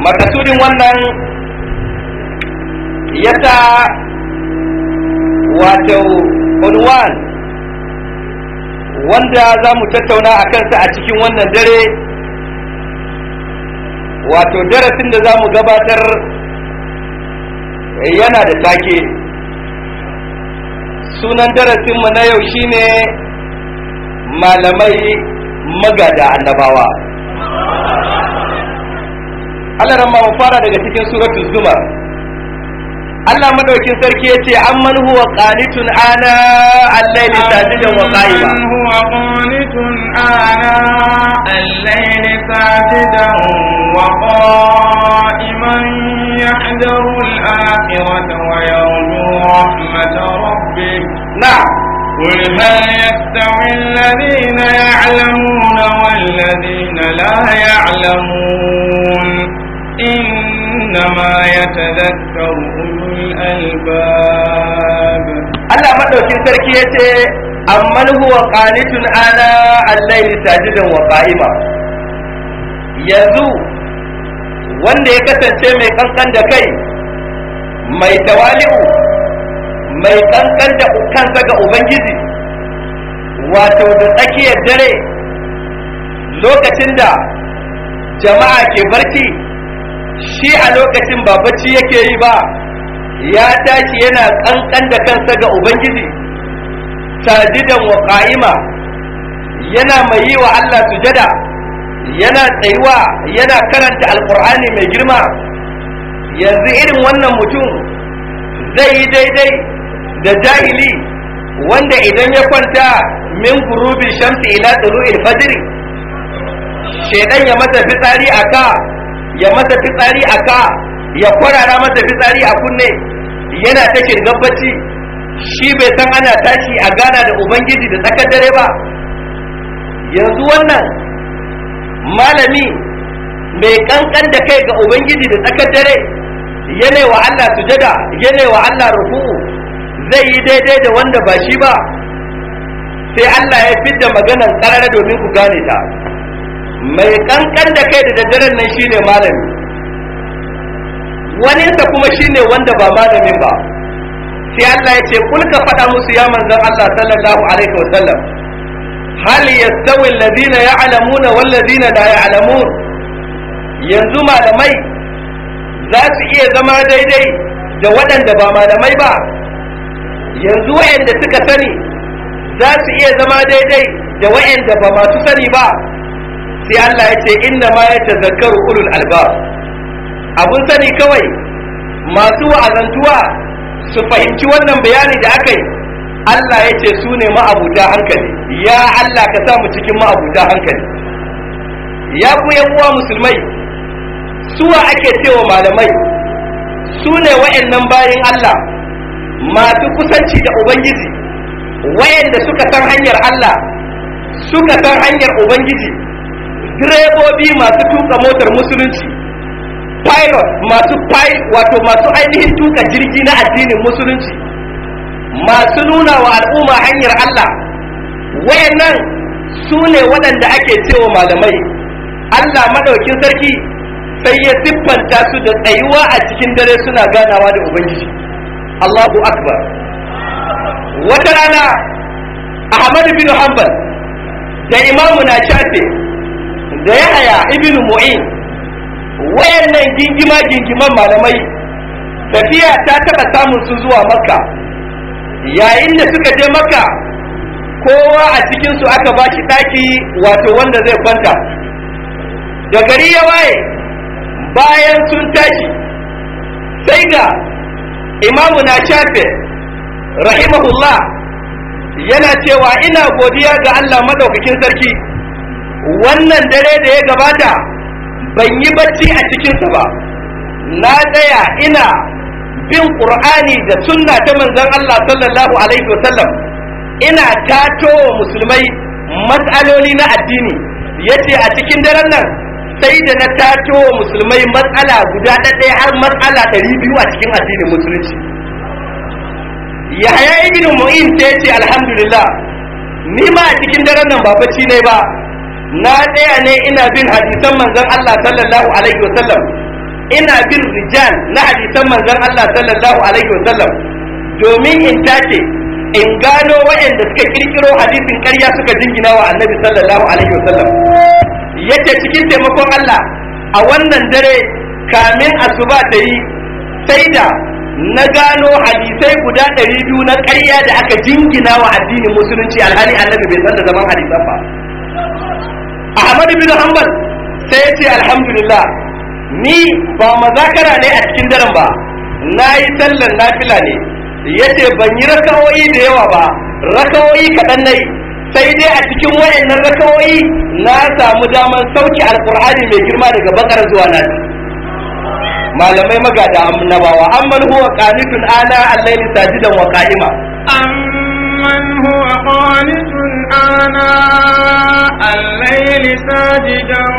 makasudin wannan ta, wato unwan wanda za mu tattauna a kansa a cikin wannan dare wato darasin da za mu gabatar yana da take sunan darasinmu na yau shine malamai magada annabawa Allah ran mu fara daga cikin suratul zumar Allah madaukin sarki yace amman huwa qanitun ana al-layli sajidan wa qa'ima amman huwa qanitun ana al-layli sajidan wa qa'ima قل ما يستوي الذين يعلمون والذين لا يعلمون إنما يتذكر أولو الألباب الله في تركيته أمن هو قانت على الليل ساجدا وقائما يزو wanda ya kasance mai kankan da kai mai tawali'u mai tsantsan da kansa ga ubangiji wato da tsakiyar dare lokacin da jama'a ke barci shi a lokacin ba bacci yake yi ba ya tashi yana tsantsan da kansa ga ubangiji sajidan wa qa'ima yana mai yi wa Allah sujada yana tsayuwa yana karanta Alƙur'ani mai girma yanzu irin wannan mutum zai yi daidai da jahili wanda idan ya kwanta min gurubin shamsi ila tulu'il fajr shedan ya masa fitsari aka ya masa fitsari aka ya kwarara masa fitsari a kunne yana ta gabbaci shi bai san ana tashi a gana da ubangiji da tsakar dare ba yanzu wannan malami mai kankan da kai ga ubangiji da tsakar dare yana wa Allah sujada yana wa Allah ruku'u zai yi daidai da wanda ba shi ba sai Allah ya da maganar karara domin ku gane ta mai kankan da kai da daddaren nan shi ne malami waninsa kuma shi ne wanda ba malamin ba sai Allah ya ce kulka ka faɗa musu ya manzan Allah sallallahu alaihi sallam hal yastawi alladhina ya'lamuna wal ladina la ya'lamun yanzu malamai za su iya zama daidai da waɗanda ba malamai ba yanzu wa'anda suka sani za su iya zama daidai da wa'anda ba masu sani ba sai Allah ya ce inna ma ya tazakkaru ulul albab abun sani kawai masu wa'azantuwa su fahimci wannan bayani da aka yi Allah ya ce su ne ma'abuta hankali ya Allah ka sa mu cikin ma'abuta hankali ya ku uwa musulmai suwa ake cewa malamai su ne wa'annan bayin Allah masu kusanci da ubangiji wayanda suka san hanyar Allah suka san hanyar ubangiji direbobi masu tuka motar musulunci pilot masu wato masu ainihin tuka jirgi na addinin musulunci masu nuna wa al'umma hanyar Allah wayannan su ne waɗanda ake cewa malamai Allah maɗaukin sarki sai ya siffanta su da tsayuwa a cikin dare suna ganawa da ubangiji Allahu akbar wata rana Ahmad bin Hanbal da imamu na shafe da Yahaya ibn Mu'in wayannan gingima gingiman malamai tafiya ta taɓa samun su zuwa Makka yayin da suka je Makka kowa a cikinsu aka ba shi ɗaki wato wanda zai kwanta da gari ya waye bayan sun tashi sai ga imamu na shafe rahimahullah yana cewa ina godiya ga Allah madaukakin sarki wannan dare da ya gabata ban yi bacci a cikinsa ba na tsaya ina bin ƙur'ani da sunna ta manzon Allah sallallahu alaihi wasallam ina tato musulmai matsaloli na addini yace a cikin daren nan sai da na tace wa musulmai matsala guda ɗaya har matsala ɗari biyu a cikin addinin musulunci yahaya ibn mu'in ya ce alhamdulillah ni ma a cikin daren nan ba bacci ne ba na ɗaya ne ina bin hadisan manzon Allah sallallahu alaihi wasallam ina bin rijal na hadisan manzon Allah sallallahu alaihi wasallam domin in tace in gano waɗanda suka kirkiro hadisin ƙarya suka jingina wa annabi sallallahu alaihi wasallam yace cikin taimakon Allah a wannan dare kamin asuba ta yi sai da na gano hadisai guda ɗari biyu na ƙarya da aka jingina wa addinin musulunci alhali annabi bai san da zaman hadisan ba Ahmad bin Hanbal sai ya ce alhamdulillah ni ba mazakara ne a cikin daren ba na yi sallar nafila ne yace ban yi rakawoyi da yawa ba rakawoyi kaɗan na yi sai dai a cikin wayannan rakawoyi na samu damar sauki alkur'ani mai girma daga bakar zuwa nas malamai magada annabawa amman huwa qanitun ana al-layli sajidan wa qa'ima amman huwa qanitun ana al-layli sajidan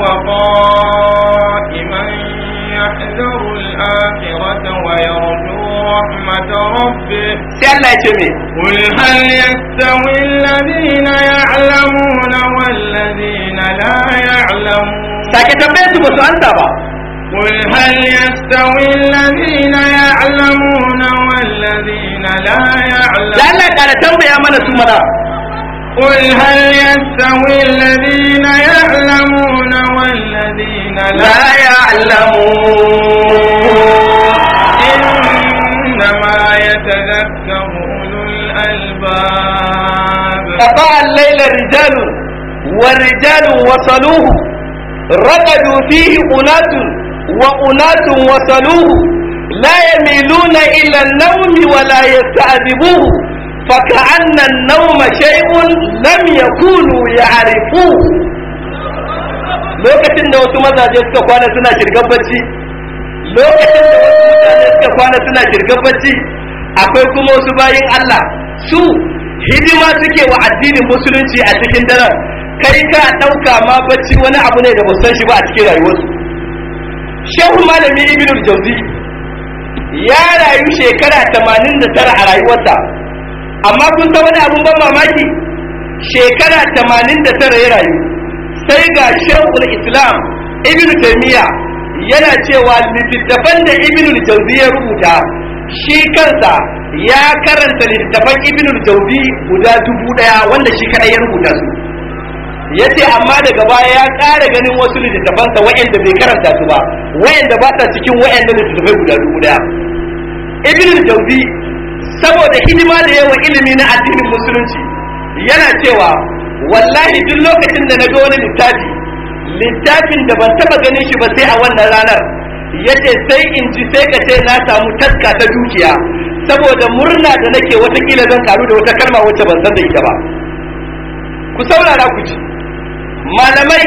wa qa'iman yahdaru al-akhirata wa yarju رحمة ربه سألنا يتمي قل هل يستوي الذين يعلمون والذين لا يعلمون ساكت بيت سؤال تابع قل هل يستوي الذين يعلمون والذين لا يعلمون لأنك على يا من سمنا قل هل يستوي الذين يعلمون والذين لا, لا يعلمون باع الليل رجال والرجال وصلوه ركضوا فيه أناس وأناس وصلوه لا يميلون إلى النوم ولا يستعذبوه فكأن النوم شيء لم يكونوا يعرفوه لوكتن دو تما دا جسكا كوانا سنا شرقب بجي لوكتن دو تما دا جسكا كوانا سنا شرقب بجي أقول كم الله سو hidima suke wa addinin musulunci a cikin daren kai ka ɗauka ma bacci wani abu ne da ba san shi ba a cikin rayuwarsu shehu malami ibn jauzi ya rayu shekara 89 a rayuwarsa amma kun san wani abun ban mamaki shekara 89 ya rayu sai ga Shehu islam ibnu taymiya yana cewa littattafan da ibn jauzi ya rubuta shi kansa ya karanta littafan ibn jauzi guda dubu daya wanda shi kadai ya rubuta su yace amma daga baya ya ƙara ganin wasu littafansa wa'anda bai karanta su ba wa'anda ba ta cikin wa'anda littafai guda dubu daya ibn jauzi saboda hidima da yawa ilimi na addinin musulunci yana cewa wallahi duk lokacin da na ga wani littafi littafin da ban taba ganin shi ba sai a wannan ranar yace sai in ji sai ka ce na samu taska ta dukiya saboda murna da nake watakila zan karu da wata kalma wacce ban san da ita ba ku saurara ku ji malamai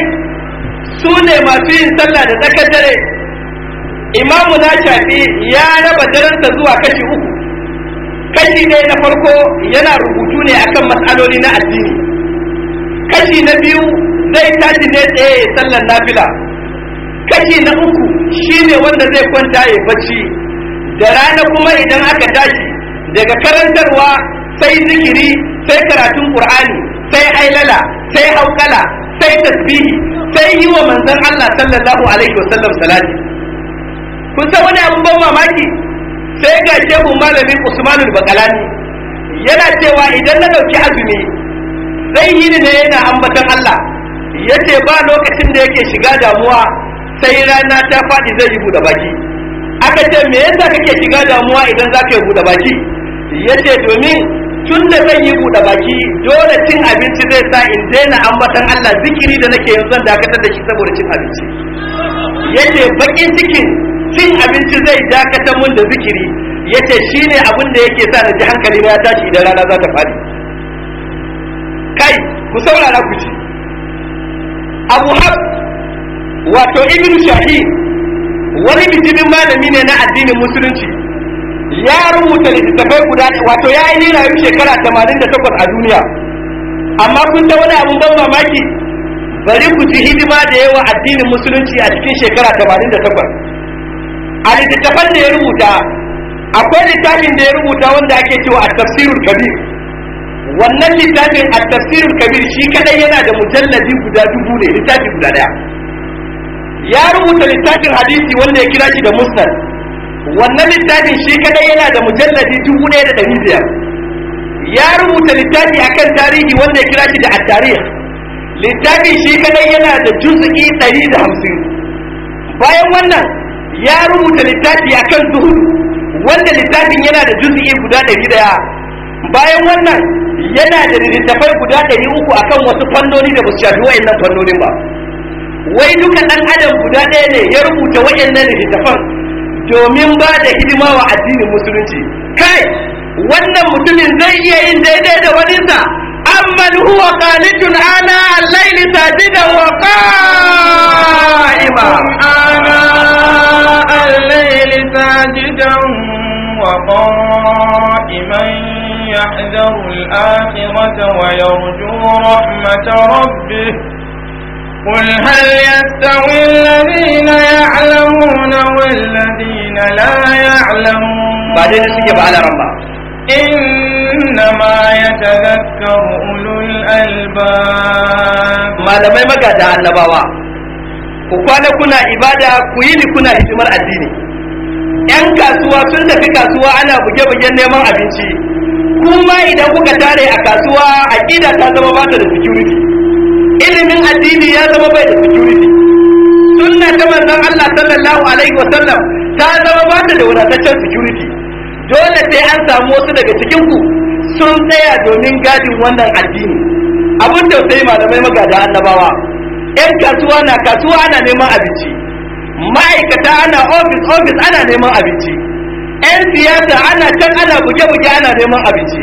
su ne masu yin sallah da tsakar dare imamu na shafi ya raba darensa zuwa kashi uku kashi ne na farko yana rubutu ne akan matsaloli na addini kashi na biyu zai tashi ne tsaye sallar nafila kashi na uku shine wanda zai kwanta ya bacci da rana kuma idan aka tashi daga karantarwa sai zikiri sai karatun qur'ani sai ailala sai haukala sai tasbihi sai yi wa manzon Allah sallallahu alaihi wasallam salati kun san wani abu ban mamaki sai ga shehu malami Usman al-Bakalani yana cewa idan na dauki azumi zai yi ne yana ambatan Allah yace ba lokacin da yake shiga damuwa sai rana ta faɗi zai yi buɗe baki aka ce me yasa kake shiga damuwa idan za ka yi buɗe baki yace domin tun da zai yi buɗe baki dole cin abinci zai sa in daina ambatan Allah zikiri da nake yanzu zan dakatar da shi saboda cin abinci yace bakin cikin cin abinci zai dakatar mun da zikiri yace shine abin da yake sa na ji hankali na ya tashi idan rana za ta faɗi kai ku saurara ku ci abu hab wato ibn shahi wani bijimin malami ne na addinin musulunci ya rubuta littafai guda wato ya yi rayu shekara 88 a duniya amma kun da wani abun ban mamaki bari ku ji hidima da yawa addinin musulunci a cikin shekara 88 a littattafan da ya rubuta akwai littafin da ya rubuta wanda ake cewa a tafsirul kabir wannan littafin a tafsirul kabir shi kadai yana da mujalladi guda dubu ne littafi guda daya ya rubuta littafin hadisi wanda ya kira shi da musnad wannan littafin shi kadai yana da mujalladi dubu ɗaya da ɗari biyar ya rubuta littafi akan tarihi wanda ya kira shi da at-tarikh littafin shi kadai yana da juz'i ɗari da hamsin bayan wannan ya rubuta littafi akan zuhud wanda littafin yana da juz'i guda ɗari ɗaya bayan wannan yana da littafai guda ɗari uku akan wasu fannoni da ba su shafi wa'annan fannonin ba wai duka ɗan adam guda ɗaya ne ya rubuta nan littafan? domin ba da hidima wa addinin musulunci kai wannan mutumin zai iya yin daidai da waninsa amma huwa qanitun ana al-layli sajidan wa qa'ima ana al-layli sajidan wa qa'iman al-akhirata wa yarju رحمة rabbih قل هل يستوي الذين يعلمون والذين لا يعلمون بعدين سكب على ربا إنما يتذكر أولو الألباب ما لم يمكن أن kwana وقال كنا إبادة كويل كنا hidimar addini yan kasuwa sun tafi kasuwa ana buge-bugen neman abinci kuma idan kuka tare a kasuwa aƙida ta zama ba ta da security ilimin addini ya zama bai da security sunna ta manzon Allah sallallahu alaihi wa sallam ta zama ba da wadataccen security dole sai an samu wasu daga cikin ku sun tsaya domin gadin wannan addini abun da sai malamai magada annabawa yan kasuwa na kasuwa ana neman abinci ma'aikata ana office office ana neman abinci yan siyasa ana can ana buge-buge ana neman abinci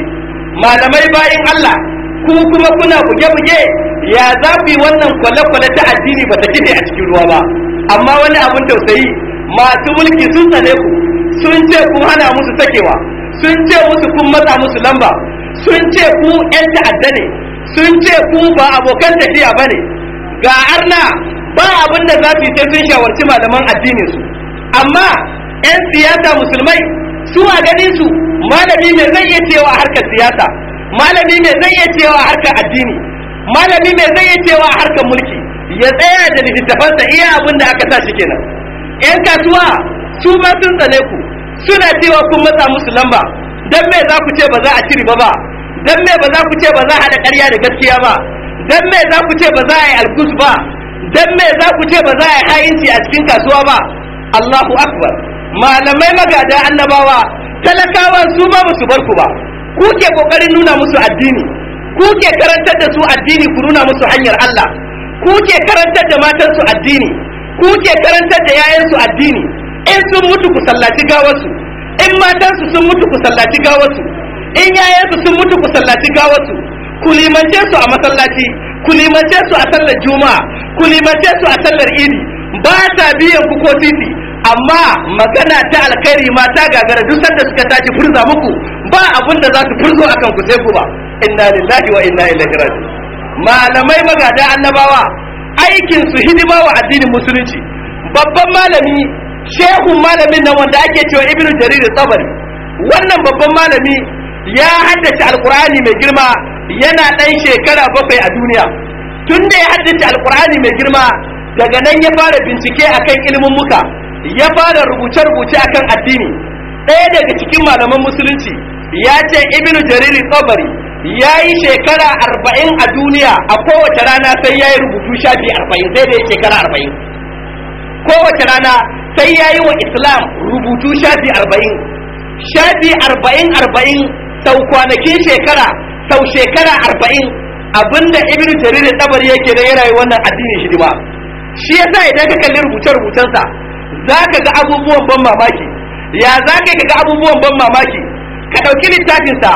malamai bayin Allah ku kuma kuna buge-buge ya za wannan kwale-kwale ta addini ba ta kife a cikin ruwa ba amma wani abin tausayi masu mulki sun tsane ku sun ce kun hana musu sakewa sun ce musu kun matsa musu lamba sun ce ku 'yan ta'adda ne sun ce ku ba abokan tafiya ba ne ga arna ba abin da za su yi sai sun shawarci malaman addinin su amma 'yan siyasa musulmai su a ganin su malami mai zai iya cewa harkar siyasa malami mai zai iya cewa harkar addini malami mai zai iya cewa harkar mulki ya tsaya da littattafansa iya abin da aka sa shi kenan yan kasuwa su ba sun tsane ku suna cewa kun matsa musu lamba dan me za ku ce ba za a ci riba ba dan me ba za ku ce ba za a haɗa ƙarya da gaskiya ba dan me za ku ce ba za a yi alkus ba dan me za ku ce ba za a yi ha'inci a cikin kasuwa ba Allahu akbar malamai magada annabawa talakawa su ma ba musu bar ku ba kuke ke kokarin nuna musu addini kuke ke karantar da su addini ku nuna musu hanyar Allah kuke ke karantar da matan su addini kuke ke karantar da yayan su addini in sun mutu ku sallaci gawarsu in matan su sun mutu ku sallaci gawarsu in yayan su sun mutu ku sallaci gawarsu ku limance su a masallaci ku limance su a sallar juma'a ku limance su a sallar idi ba ta biyan ku ko titi amma magana ta alkhairi ma ta gagara duk sanda suka tashi furza muku ba abin da za su furzo akan ku sai ku ba inna lillahi wa inna ilaihi raji malamai magada annabawa aikin su hidima wa addinin musulunci babban malami shehun malamin nan wanda ake cewa ibnu jarir tabari wannan babban malami ya haddace alkur'ani mai girma yana ɗan shekara bakwai a duniya Tunda ya haddace alkur'ani mai girma daga nan ya fara bincike akan ilimin muka ya fara rubuce-rubuce akan addini ɗaya daga cikin malaman musulunci ya ce ibnu jariri tsabari ya yi shekara arba'in a duniya a kowace rana sai ya yi rubutu shafi arba'in sai da ya shekara arba'in kowace rana sai ya yi wa islam rubutu shafi arba'in shafi arba'in arba'in sau kwanakin shekara sau shekara arba'in abinda ibnu jariri tsabari yake da ya rayu wannan addinin shi ba shi yasa idan ka kalli rubuce-rubucensa za ka ga abubuwan ban mamaki ya za ka ga abubuwan ban mamaki ka ɗauki littafinsa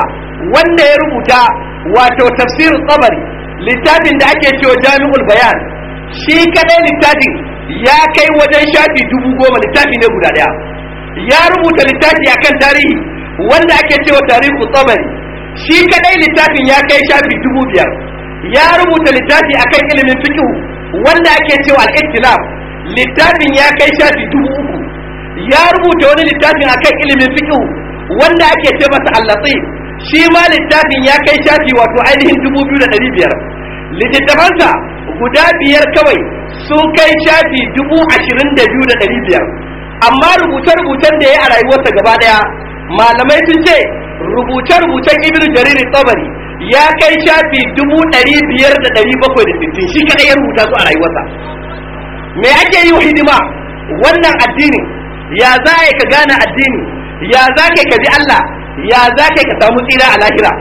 wanda ya rubuta wato tafsir tsabari littafin da ake cewa jami'ul bayan shi kadai littafin ya kai wajen shafi dubu goma littafi ne guda ɗaya ya rubuta littafi akan tarihi wanda ake cewa tarihu tsabari shi kadai littafin ya kai shafi dubu biyar ya rubuta littafi akan ilimin fikihu wanda ake cewa al-ittilaf littafin ya kai shafi dubu uku ya rubuta wani littafin a kan ilimin fiqh wanda ake ce masa allatsi shi ma littafin ya kai shafi wato ainihin dubu biyu da ɗari biyar littattafansa guda biyar kawai sun kai shafi dubu ashirin da biyu da ɗari biyar amma rubuce-rubucen da ya yi a rayuwarsa gaba ɗaya malamai sun ce rubuce-rubucen ibnu jarir tsabari ya kai shafi dubu ɗari biyar da ɗari bakwai da sittin shi kaɗai ya rubuta su a rayuwarsa me ake yi wa hidima wannan addini ya za ka gane addini ya za ka kaji Allah ya za ka ka samu tsira a lahira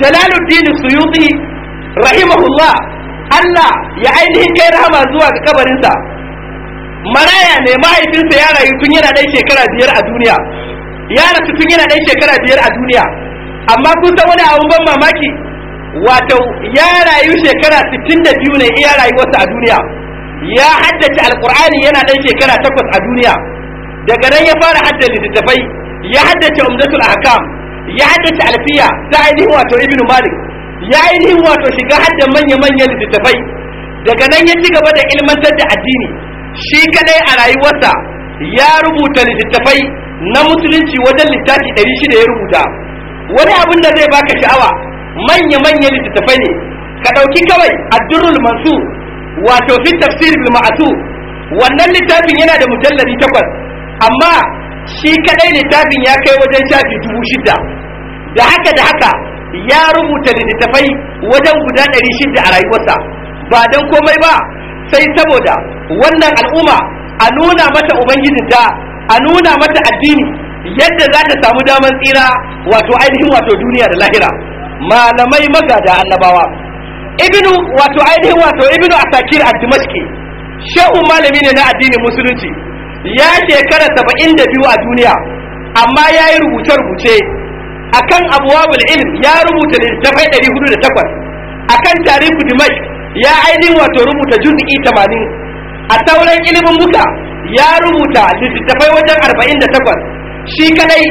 jalaluddin suyuti rahimahullah Allah ya ainihin kai rahama zuwa ga kabarinsa maraya ne mahaifinsa ya rayu tun yana ɗan shekara biyar a duniya ya rasu tun yana ɗan shekara biyar a duniya amma kun san wani abun ban mamaki wato ya rayu shekara 62 ne iya rayuwarsa a duniya ya haddace alkur'ani yana ɗan shekara takwas a duniya daga nan ya fara haddace littattafai ya haddace umdatul ahkam ya haddace alfiya ta ainihin wato ibnu malik ya ainihin wato shiga hadda manya manya littattafai daga nan ya ci gaba da ilmantar da addini shi kadai a rayuwarsa ya rubuta littattafai na musulunci wajen littafi ɗari shida ya rubuta wani abin da zai baka sha'awa manya manya littattafai ne ka ɗauki kawai addurul mansur wato fi tafsir bil ma'asu wannan littafin yana da mujalladi takwas amma shi kadai littafin ya kai wajen shafi dubu shida da haka da haka ya rubuta littattafai wajen guda ɗari shida a rayuwarsa ba don komai ba sai saboda wannan al'umma a nuna mata ubangijinta a nuna mata addini yadda za ta samu damar tsira wato ainihin wato duniya da lahira malamai magada annabawa ibnu wato ainihin wato ibnu Sakir a dimashki shehu malami ne na addinin musulunci ya shekara 72 a duniya amma ya yi rubuce-rubuce akan abwabul ilm ya rubuta littafai 408 akan tarihu dimashq ya ainihin wato rubuta juz'i 80 a sauran ilimin muka ya rubuta littattafai wajen 48 shi kadai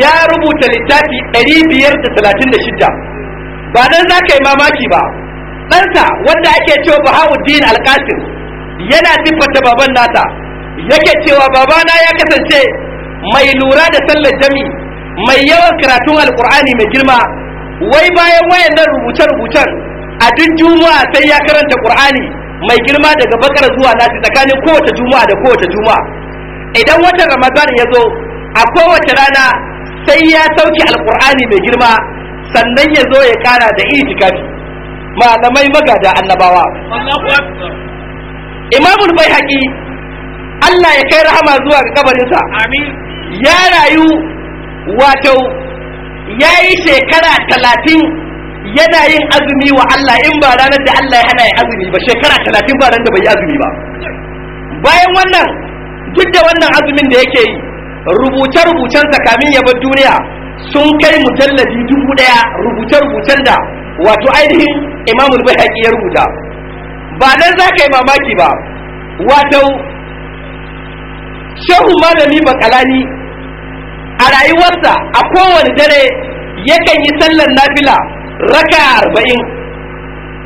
ya rubuta littafi ɗari biyar da 536 ba dan za ka yi mamaki ba ɗansa wanda ake cewa bahauddin alkasim yana siffanta baban nata yake cewa babana ya kasance mai lura da sallar jami mai yawan karatun alkur'ani mai girma wai bayan wayan nan rubuce-rubucen a duk juma'a sai ya karanta qur'ani mai girma daga bakar zuwa nasi tsakanin kowace juma'a da kowace juma'a idan watan ramadan ya zo a kowace rana sai ya sauke alkur'ani mai girma sannan ya zo ya kara da itikafi malamai magada annabawa imamul bai haƙi Allah ya kai rahama zuwa ga kabarinsa ya rayu wato ya yi shekara talatin yana yin azumi wa Allah in ba ranar da Allah ya hana ya azumi ba shekara talatin ba ranar da bai yi azumi ba bayan wannan duk da wannan azumin da yake yi rubuce-rubucensa kamin ya bar duniya sun kai mujalladi dubu ɗaya rubuce-rubucen da wato ainihin imamul bayaki ya rubuta ba dan za ka yi mamaki ba wato shehu malami bakalani a rayuwarsa a kowane dare yakan yi sallar nafila raka arba'in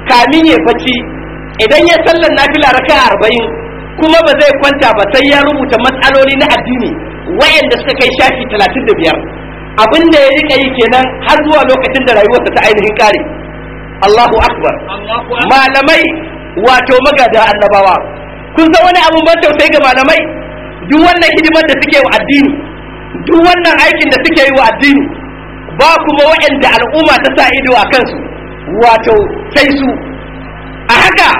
kamin ya bacci idan ya sallar nafila raka arba'in kuma ba zai kwanta ba sai ya rubuta matsaloli na addini wayanda suka kai shafi talatin da biyar abin da ya rika yi kenan har zuwa lokacin da rayuwarsa ta ainihin kare Allahu akbar malamai wato magada annabawa kun san wani abun ban tausayi ga malamai duk wannan hidimar da suke wa addini duk wannan aikin da suke yi wa addini ba kuma wa'anda al'umma ta sa ido a kansu wato sai su a haka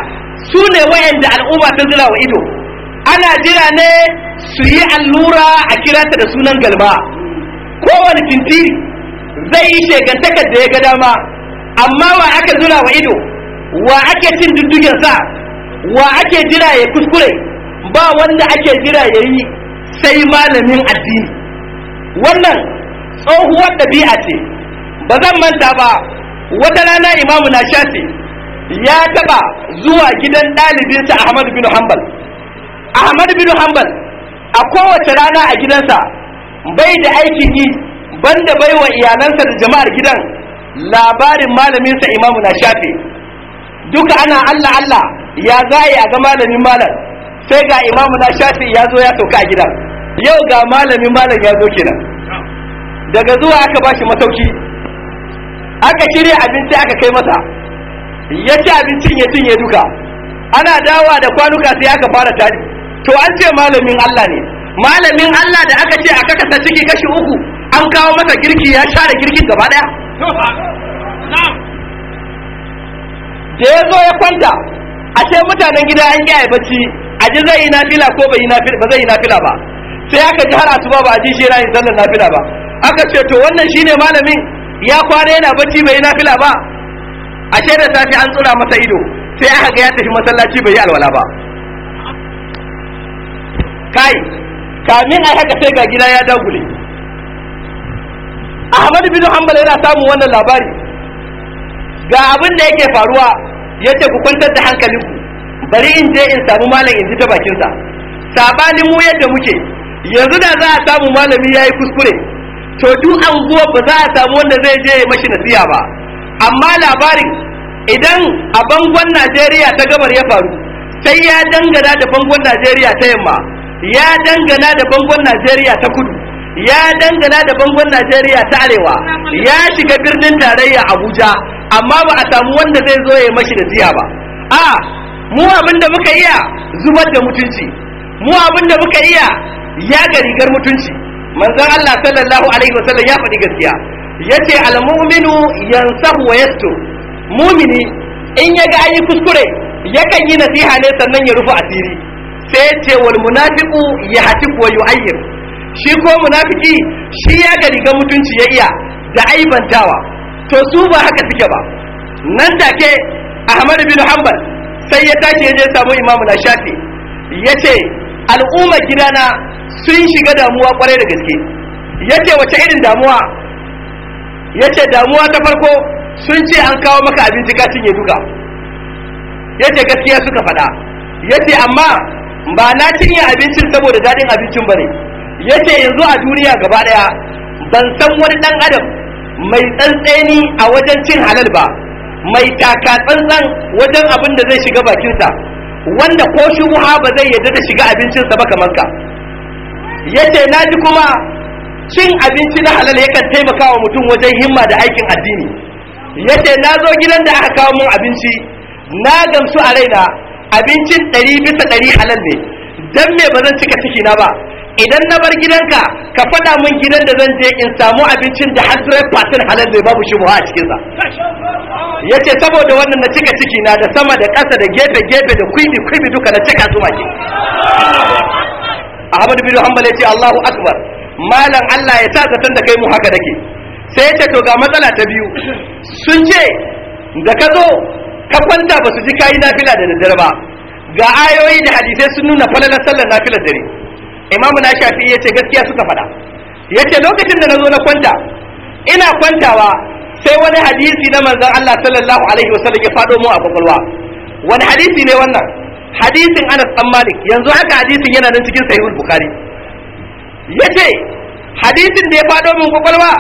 su ne wa'anda al'umma ta zira wa ido ana jira ne su yi allura a kiranta da sunan galma kowane tintiri zai yi shegantakar da ya ga dama amma wa aka zura wa ido wa ake cin duddugen sa wa ake jira ya kuskure ba wanda ake jira ya yi sai malamin addini wannan tsohuwar ɗabi'a ce ba zan manta ba wata rana imamu na shafi ya taba zuwa gidan ɗalibinsa ahmad bin hanbal ahmad bin hanbal a kowace rana a gidansa bai da aikin yi banda bai wa iyalansa da jama'ar gidan labarin malamin sa imamu na shafe duka ana Allah Allah ya zai a ga malamin malam sai ga imamu na shafe ya zo ya sauka a gidan yau ga malamin malam ya zo kenan daga zuwa aka bashi masauki aka shirya abinci aka kai masa ya ci abincin ya cinye duka ana dawa da kwanuka sai aka fara tari to an ce malamin Allah ne malamin Allah da aka ce aka kasa ciki kashi uku an kawo masa girki ya share girkin gaba daya da ya zo ya kwanta a ce mutanen gida an yi bacci a ji zai yi nafila ko ba zai yi nafila ba sai aka ji har asuba ba a ji shi yana yin sallar nafila ba aka ce to wannan shine malamin ya kwana yana bacci bai yi nafila ba A ce da safi an tsura masa ido sai aka ga ya tafi masallaci bai yi alwala ba kai kamin a haka sai ga gida ya dagule Ahmadu bin hanbal yana samun wannan labari ga abin da yake faruwa yace ku kwantar da hankalinku bari in je in samu malam in ji ta bakinsa sabanin mu yadda muke yanzu da za a samu malami ya yi kuskure to duk anguwa ba za a samu wanda zai je ya mashi nasiya ba amma labarin idan a bangon najeriya ta gabar ya faru sai ya dangana da bangon najeriya ta yamma ya dangana da bangon najeriya ta kudu ya dangana da bangon Najeriya ta arewa ya shiga birnin tarayya Abuja amma ba a samu wanda zai zo ya mashi da ziya ba a mu abin da muka iya zubar da mutunci mu abin da muka iya ya ga rigar mutunci manzon Allah sallallahu alaihi wasallam ya faɗi gaskiya yace al-mu'minu yansahu wa yastu mu'mini in ya ga ayi kuskure yakan yi nasiha ne sannan ya rufe asiri sai ce wal munafiqu yahtiku wa yu'ayyir shi ko munafiki shi ya ga rigar mutunci ya iya da aibantawa to su ba haka suke ba nan take ahmad bin hanbal sai ya tashi ya je samu imamu na shafi ya ce al'ummar gidana sun shiga damuwa kwarai da gaske ya ce wace irin damuwa ya ce damuwa ta farko sun ce an kawo maka abinci ka cinye duka ya ce gaskiya suka faɗa ya ce amma ba na cinye abincin saboda daɗin abincin ba ne yace yanzu a duniya gaba daya ban san wani dan adam mai tsantseni a wajen cin halal ba mai taka tsantsan wajen abin da zai shiga bakinsa wanda ko shubuha ba zai yadda da shiga abincinsa ba kamar ka yace na ji kuma cin abinci na halal yakan taimaka wa mutum wajen himma da aikin addini yace na zo gidan da aka kawo min abinci na gamsu a raina abincin ɗari bisa ɗari halal ne dan me ba zan cika ciki na ba idan na bar gidanka ka faɗa min gidan da zan je in samu abincin da patin halal zai babu shubha a cikinsa ya ce saboda wannan na cika ciki na da sama da kasa da gefe gefe da kwibi kwibi duka na cika su maki ahmad bin hanbal ya ce allahu akbar malam allah ya sa zaton da kai mu haka dake sai ya ce to ga matsala ta biyu sun ce da ka zo ka kwanta ba su ji kayi nafila da daddare ba ga ayoyi da hadisai sun nuna falalar sallar nafilar dare imamu na shafi ya ce gaskiya suka faɗa ya ce lokacin da na zo na kwanta ina kwantawa sai wani hadisi na manzan Allah sallallahu alaihi wasallam ya faɗo mu a kwakwalwa wani hadisi ne wannan hadisin Anas dan Malik yanzu haka hadisin yana nan cikin sahihul bukhari yace hadisin da ya faɗo min kwakwalwa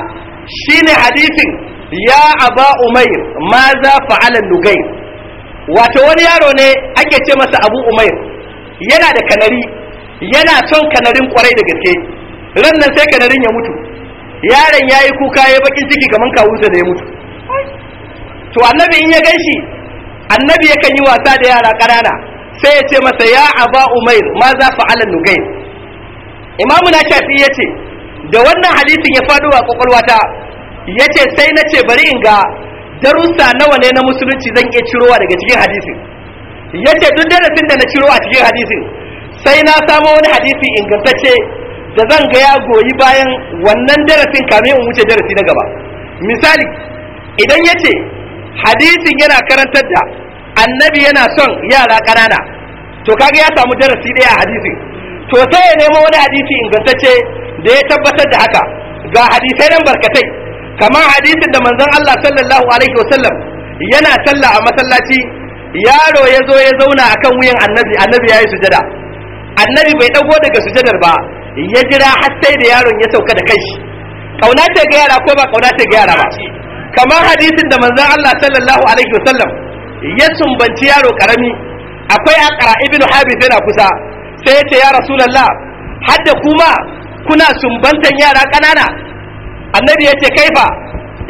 shine hadisin ya aba umair maza za fa'ala nugay wato wani yaro ne ake ce masa abu umair yana da kanari yana son kanarin kwarai da gaske ran nan sai kanarin ya mutu yaron ya yi kuka ya bakin ciki kamar kawunsa da ya mutu to annabi in ya ganshi annabi yakan yi wasa da yara ƙanana sai ya ce masa ya aba umair ma za fa fa'ala nugayr imamu na shafi ya ce da wannan hadisin ya faɗo a kwakwalwata ya ce sai na ce bari in ga darussa nawa ne na musulunci zan iya cirowa daga cikin hadisin ya ce duk darasin da na ciro a cikin hadisin sai na samo wani hadisi ingantacce da zan ga ya goyi bayan wannan darasin kame in wuce darasi na gaba misali idan ya ce hadisin yana karantar da annabi yana son yara ƙanana to kaga ya samu darasi ɗaya a hadisin to sai ya nemo wani hadisi ingantacce da ya tabbatar da haka ga hadisai nan barkatai kamar hadisin da manzon Allah sallallahu alaihi wasallam yana sallah a masallaci yaro ya zo ya zauna akan wuyan annabi annabi ya yi sujada annabi bai dago daga sujadar ba ya jira har sai da yaron ya sauka da kai kauna ce ga yara ko ba kauna ce ga yara ba kamar hadisin da manzon Allah sallallahu alaihi wasallam ya sumbanci yaro karami akwai akara ibnu habib yana kusa sai ya ce ya rasulullah hadda kuma kuna sumbantan yara kanana annabi ya ce kaifa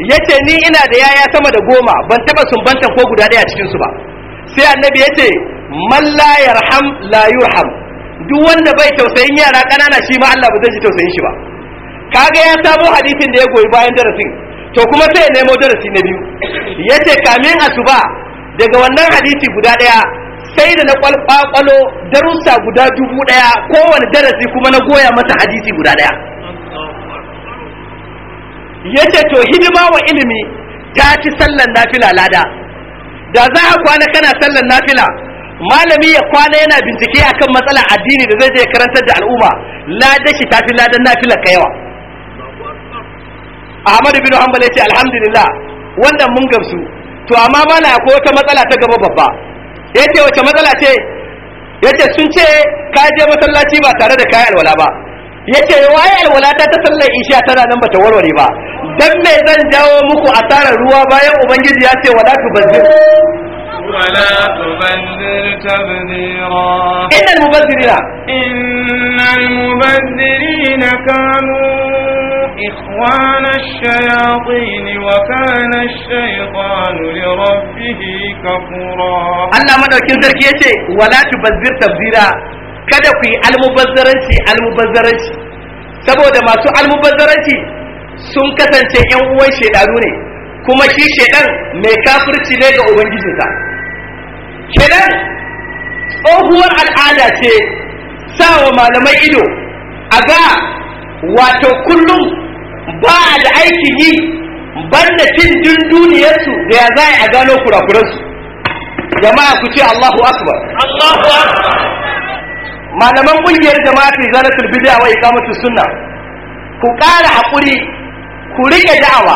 ya ce ni ina da yaya sama da goma ban taba sumbantan ko guda daya cikin su ba sai annabi ya ce man la yarham la duk wanda bai tausayin yara ƙanana shi ma Allah ba zai ji tausayin shi ba kaga ya samo hadisin da ya goyi bayan darasin to kuma sai ya nemo darasi na biyu yace kamin asuba daga wannan hadisi guda daya sai da na kwalkwalo darussa guda dubu daya kowane darasi kuma na goya masa hadisi guda daya yace to hidima wa ilimi ta ci sallan nafila lada da za a kwana kana sallan nafila malami ya kwana yana bincike akan matsala addini da zai je karantar da al'umma ladan shi tafi ladan nafilar ka yawa Ahmadu bin Hanbal yace ce alhamdulillah wannan mun gamsu to amma mana ko wata matsala ta gaba babba yace wace matsala ce yace sun ce ka je masallaci ba tare da kayan alwala ba yace waye alwala ta ta sallar isha tana nan bata warware ba dan me zan jawo muku asarar ruwa bayan ubangiji ya ce wala tubazzir ولا تبذر تبذيرا إن المبذرين إن المبذرين كانوا إخوان الشياطين وكان الشيطان لربه كفورا الله ما دوكين ولا تبذر تبذيرا kada ku yi almubazzaranci almubazzaranci saboda masu almubazzaranci sun kasance yan uwan shedanu ne kuma shi shedan mai kafirci ne ga ubangijinsa kenan tsohuwar al'ada ce sa wa malamai ido a ga wato kullum ba da aikin yi banda cin dunduniyarsu da ya za a gano kurakuransu jama'a ku ce Allahu akbar Allahu malaman kungiyar jama'a fi zana bid'a wa iqamatus sunna ku ƙara haƙuri ku riƙe da'awa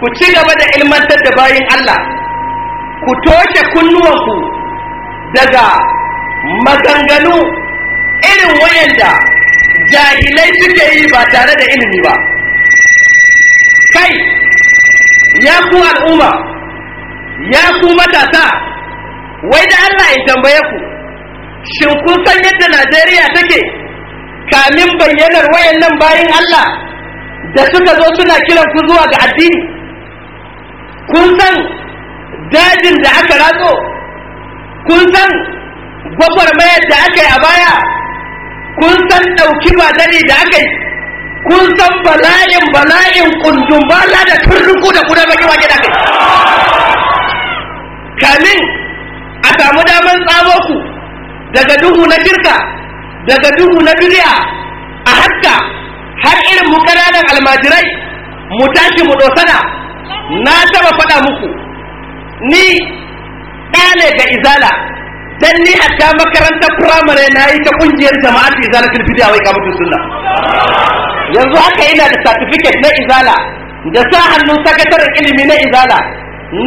ku ci gaba da ilmantar da bayan Allah ku toshe kunnuwanku daga maganganu irin wayanda jahilai suke yi ba tare da ilimi ba kai ya ku al'umma ya ku matasa wai da Allah ya tambaye ku shin kun san yadda Najeriya take kamin bayyanar wayannan bayin Allah da suka zo suna kiran ku zuwa ga addini kun san dajin da aka ratso kun san gwagwarmayar da aka yi a baya kun san ɗauki ba dare da aka yi kun san bala'in bala'in kundun bala da turruku da kudan baki da kai kamin a samu damar tsamo ku daga duhu na shirka daga duhu na duniya a haska har irin mu ƙananan almajirai mu tashi mu dosana na taɓa faɗa muku ni ɗale ga izala dan ni ta makarantar firamare na yi ta kungiyar jama'a ta izala fidiya wai kamar sunna yanzu haka ina da certificate na izala da sa hannun sakataren ilimi na izala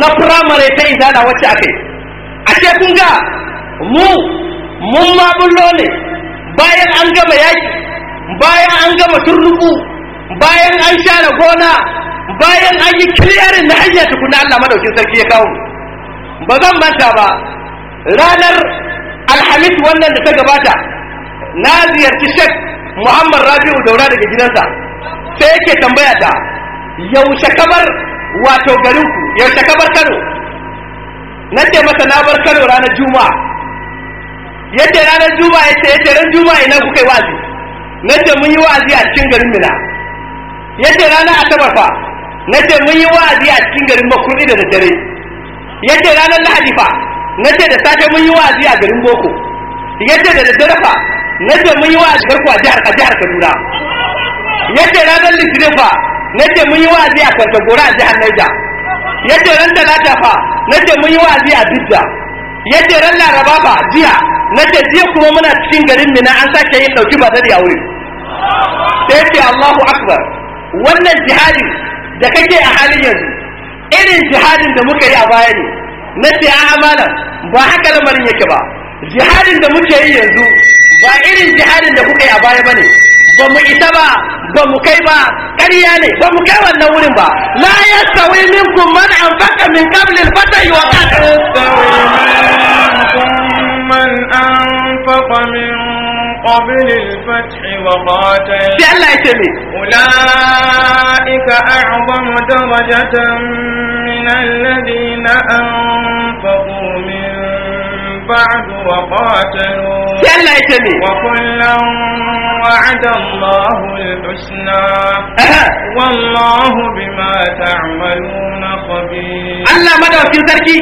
na firamare ta izala wacce yi a ce kun ga mu mun ma bullo ne bayan an gama yaki bayan an gama turnuku bayan an share gona bayan an yi kiliyarin na hanyar tukuna Allah madaukin sarki ya kawo ba zan manta ba ranar alhamis wannan da ta gabata na ziyarci shek muhammad rabi'u daura daga gidansa sai yake tambaya ta yaushe kabar wato garinku yaushe kabar kano na ce masa na bar kano ranar juma'a yace ranar juma'a yace yace ran juma'a ina kuka yi wa'azi na ce mun yi wa'azi a cikin garin mina yace ranar asabar fa na ce mun yi wa'azi a cikin garin makurdi da daddare ya ce ranar lahadi fa na ce da safe mun yi wa'azi a garin boko ya ce da daddare fa na ce mun yi wa'azi farko a jihar a jihar kaduna ya ce ranar litinin fa na ce mun yi wa'azi a kwantagora a jihar naija ya ce ran talata fa na ce mun yi wa'azi a bidda ya ce ran laraba fa jiya na ce jiya kuma muna cikin garin mina an sake yin ɗauki ba da wuri sai ce allahu akbar wannan jihadi da kake a halin yanzu irin jihadin da muka yi a baya ne na ce a amana ba haka lamarin yake ba jihadin da muke yi yanzu ba irin jihadin da kuka yi a baya ba ne ba mu isa ba ba mu kai ba ƙarya ne ba mu kai wannan wurin ba la yastawi minkum an anfaqa min qabli al-fath wa qatala yastawi minkum man anfaqa قبل الفتح وقاتل أولئك أعظم درجة من الذين أنفقوا من بعد وقاتلوا وكلا وعد الله الحسنى والله بما تعملون خبير الله مدى في تركي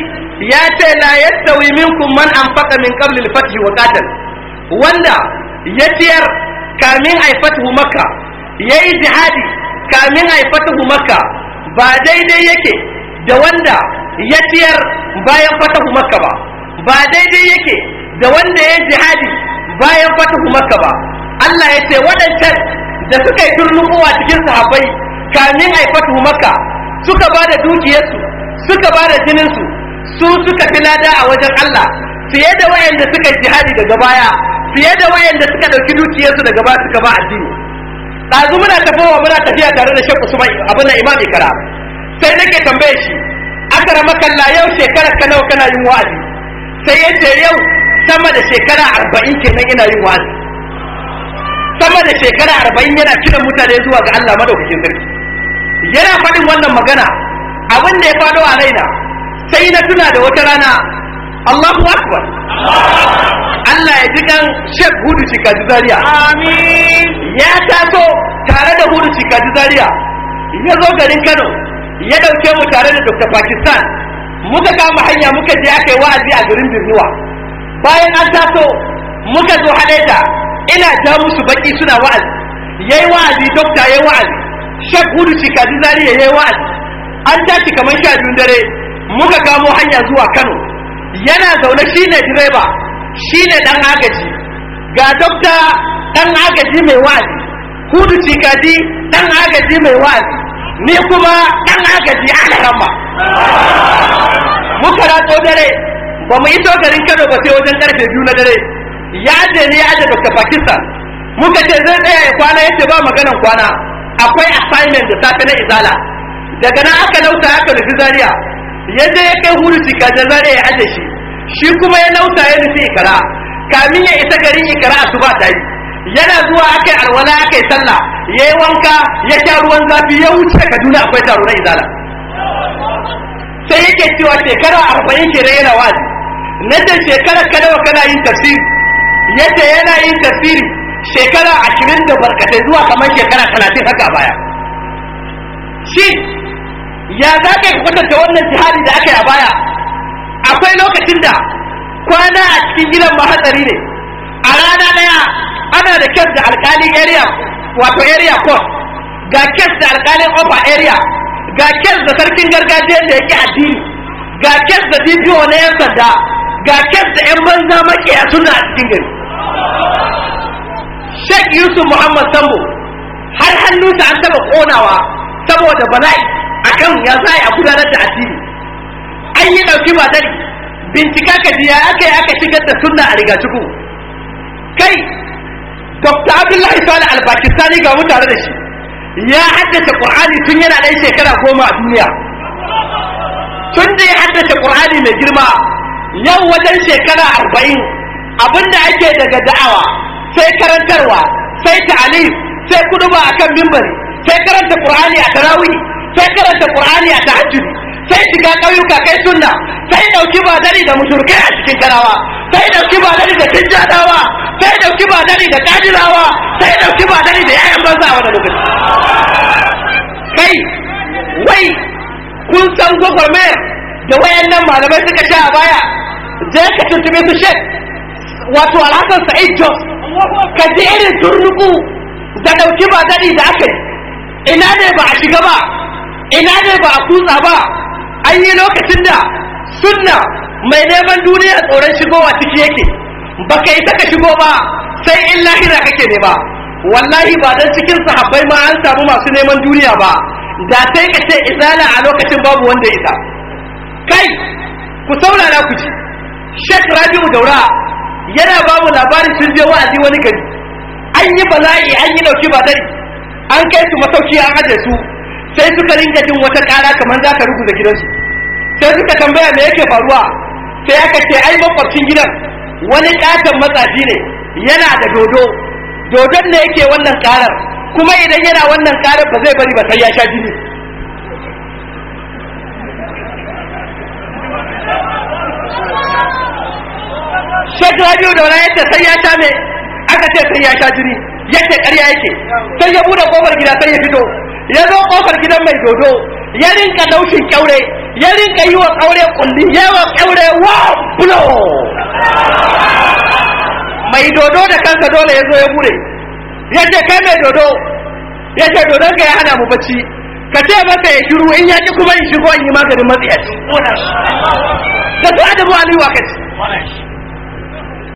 يا لا يستوي منكم من أنفق من قبل الفتح وقاتل wanda ya ciyar kamin ai fatuhu makka ya yi jihadi kamin ai fatuhu makka ba daidai yake da wanda ya ciyar bayan fatahu makka ba ba daidai yake da wanda ya jihadi bayan fatahu makka ba Allah ya ce waɗancan da suka yi turnuƙowa cikin sahabbai kamin ai fatuhu makka suka ba da dukiyarsu suka ba da jininsu su suka fi lada a wajen Allah fiye da wayanda suka jihadi daga baya fiye da wayanda suka dauki dukiyarsu daga ba suka ba addini ɗazu muna tafowa muna tafiya tare da shekku su abin da imam ikara sai nake tambaye shi akara makalla yau shekarar ka nawa kana yin wa'azi sai ya ce yau sama da shekara arba'in kenan ina yin wa'azi sama da shekara arba'in yana kiran mutane zuwa ga Allah madaukakin sarki yana faɗin wannan magana abin da ya faɗo a raina sai na tuna da wata rana Allahu Akbar Allah ya ji kan Sheikh Hudu Shikaji Zaria amin ya taso tare da Hudu Shikaji Zaria ya zo garin Kano ya dauke mu tare da Dr. Pakistan muka kama hanya muka je aka yi wa'azi a garin Birniwa bayan an taso muka zo Hadaita ina ja musu baki suna wa'azi yayi wa'azi dokta yayi wa'azi Sheikh Hudu Shikaji Zaria yayi wa'azi an tashi kamar sha biyun dare muka kamo hanya zuwa Kano yana zaune shine direba shine dan agaji ga dokta dan agaji mai wazi hudu cikadi dan agaji mai wazi ni kuma dan agaji a karamba muka rato dare ba mu iso garin Kano ba sai wajen karfe biyu na dare ya je ne ya dokta Pakistan muka ce zai tsaya ya kwana yace ba maganan kwana akwai assignment da safe na izala daga nan aka lauta aka rufi zaria ya je ya kai hudu cika da zare ya aje shi shi kuma ya nausa ya nufi ikara kamin ya isa garin ikara ba ta yi yana zuwa yi alwala akai sallah yi wanka ya sha ruwan zafi ya wuce Kaduna akwai taro na izala sai yake cewa shekara arba'in ke yana wani na ce shekara kana yin tafsiri yadda yana yin tafsiri shekara ashirin da barkatai zuwa kamar shekara talatin haka baya shi ya za ka yi kwatanta wannan jihadi da aka yi a baya akwai lokacin da kwana a cikin gidan ba hatsari ne a rana daya ana da kes da alkalin area wato area court ga kes da alkalin upper area ga kes da sarkin gargajiyar da yake addini ga kes da dpo na yan sanda ga kes da yan banza makiya suna a cikin gari Sheikh Yusuf Muhammad Sambo har hannu hannunsa an taba konawa saboda bala'i akan ya za a gudanar da addini an yi ɗauki dari bincika ka ji ya aka aka shigar da sunna a riga ciku kai dr abdullahi sani al-pakistani ga mutane da shi ya haddace qur'ani tun yana ɗan shekara goma a duniya tun da ya haddace qur'ani mai girma yau wajen shekara arba'in abinda ake daga da'awa sai karantarwa sai ta'alif sai kuduba akan mimbari sai karanta qur'ani a tarawih sai karanta qur'ani a tahajjudi sai shiga ƙauyuka kai sunna sai dauki badari da mushrikai a cikin karawa sai dauki badari da tijjadawa sai dauki badari da kadilawa sai dauki badari da yayan banza wa da lokaci kai wai kun san gwagwarmayar da wayannan malamai suka sha a baya je ka tuntube su shek wato alhassan sa'id jos ka ji irin turnuku da dauki badari da aka yi ina ne ba a shiga ba ina ne ba a kutsa ba an yi lokacin da sunna mai neman duniya tsoron shigowa ciki yake ba ka yi ka shigo ba sai in lahira kake ne ba wallahi ba don cikin sahabbai ma an samu masu neman duniya ba da sai ka ce izala a lokacin babu wanda ita kai ku saurara ku ji Sheikh Rabi'u Daura yana babu labarin sun je wa'azi wani gari an yi bala'i an yi dauki ba dare an kai su masauki an ajiye su sai suka ringa jin wata ƙara kamar za ka rubuta gidansu sai suka tambaya me yake faruwa sai aka ce ai makwabcin gidan wani katon matsaji ne yana da dodo dodon ne yake wannan karar kuma idan yana wannan karar ba zai bari ba sai ya sha jini Sheikh Rabiu da wani yadda sai ya sha me aka ce sai ya sha jini yace ƙarya yake sai ya bude kofar gida sai ya fito ya zo kofar gidan mai dodo ya rinka laushin kyaure ya rinka yi wa kaure kulli ya wa kyaure wa bulo mai dodo da kansa dole ya zo ya bure ya ce kai mai dodo ya ce dodon ka ya hana mu bacci ka ce masa ya shiru in ya ci kuma in shigo in yi maganin matsiyaci da su adabu aliyu wa kaci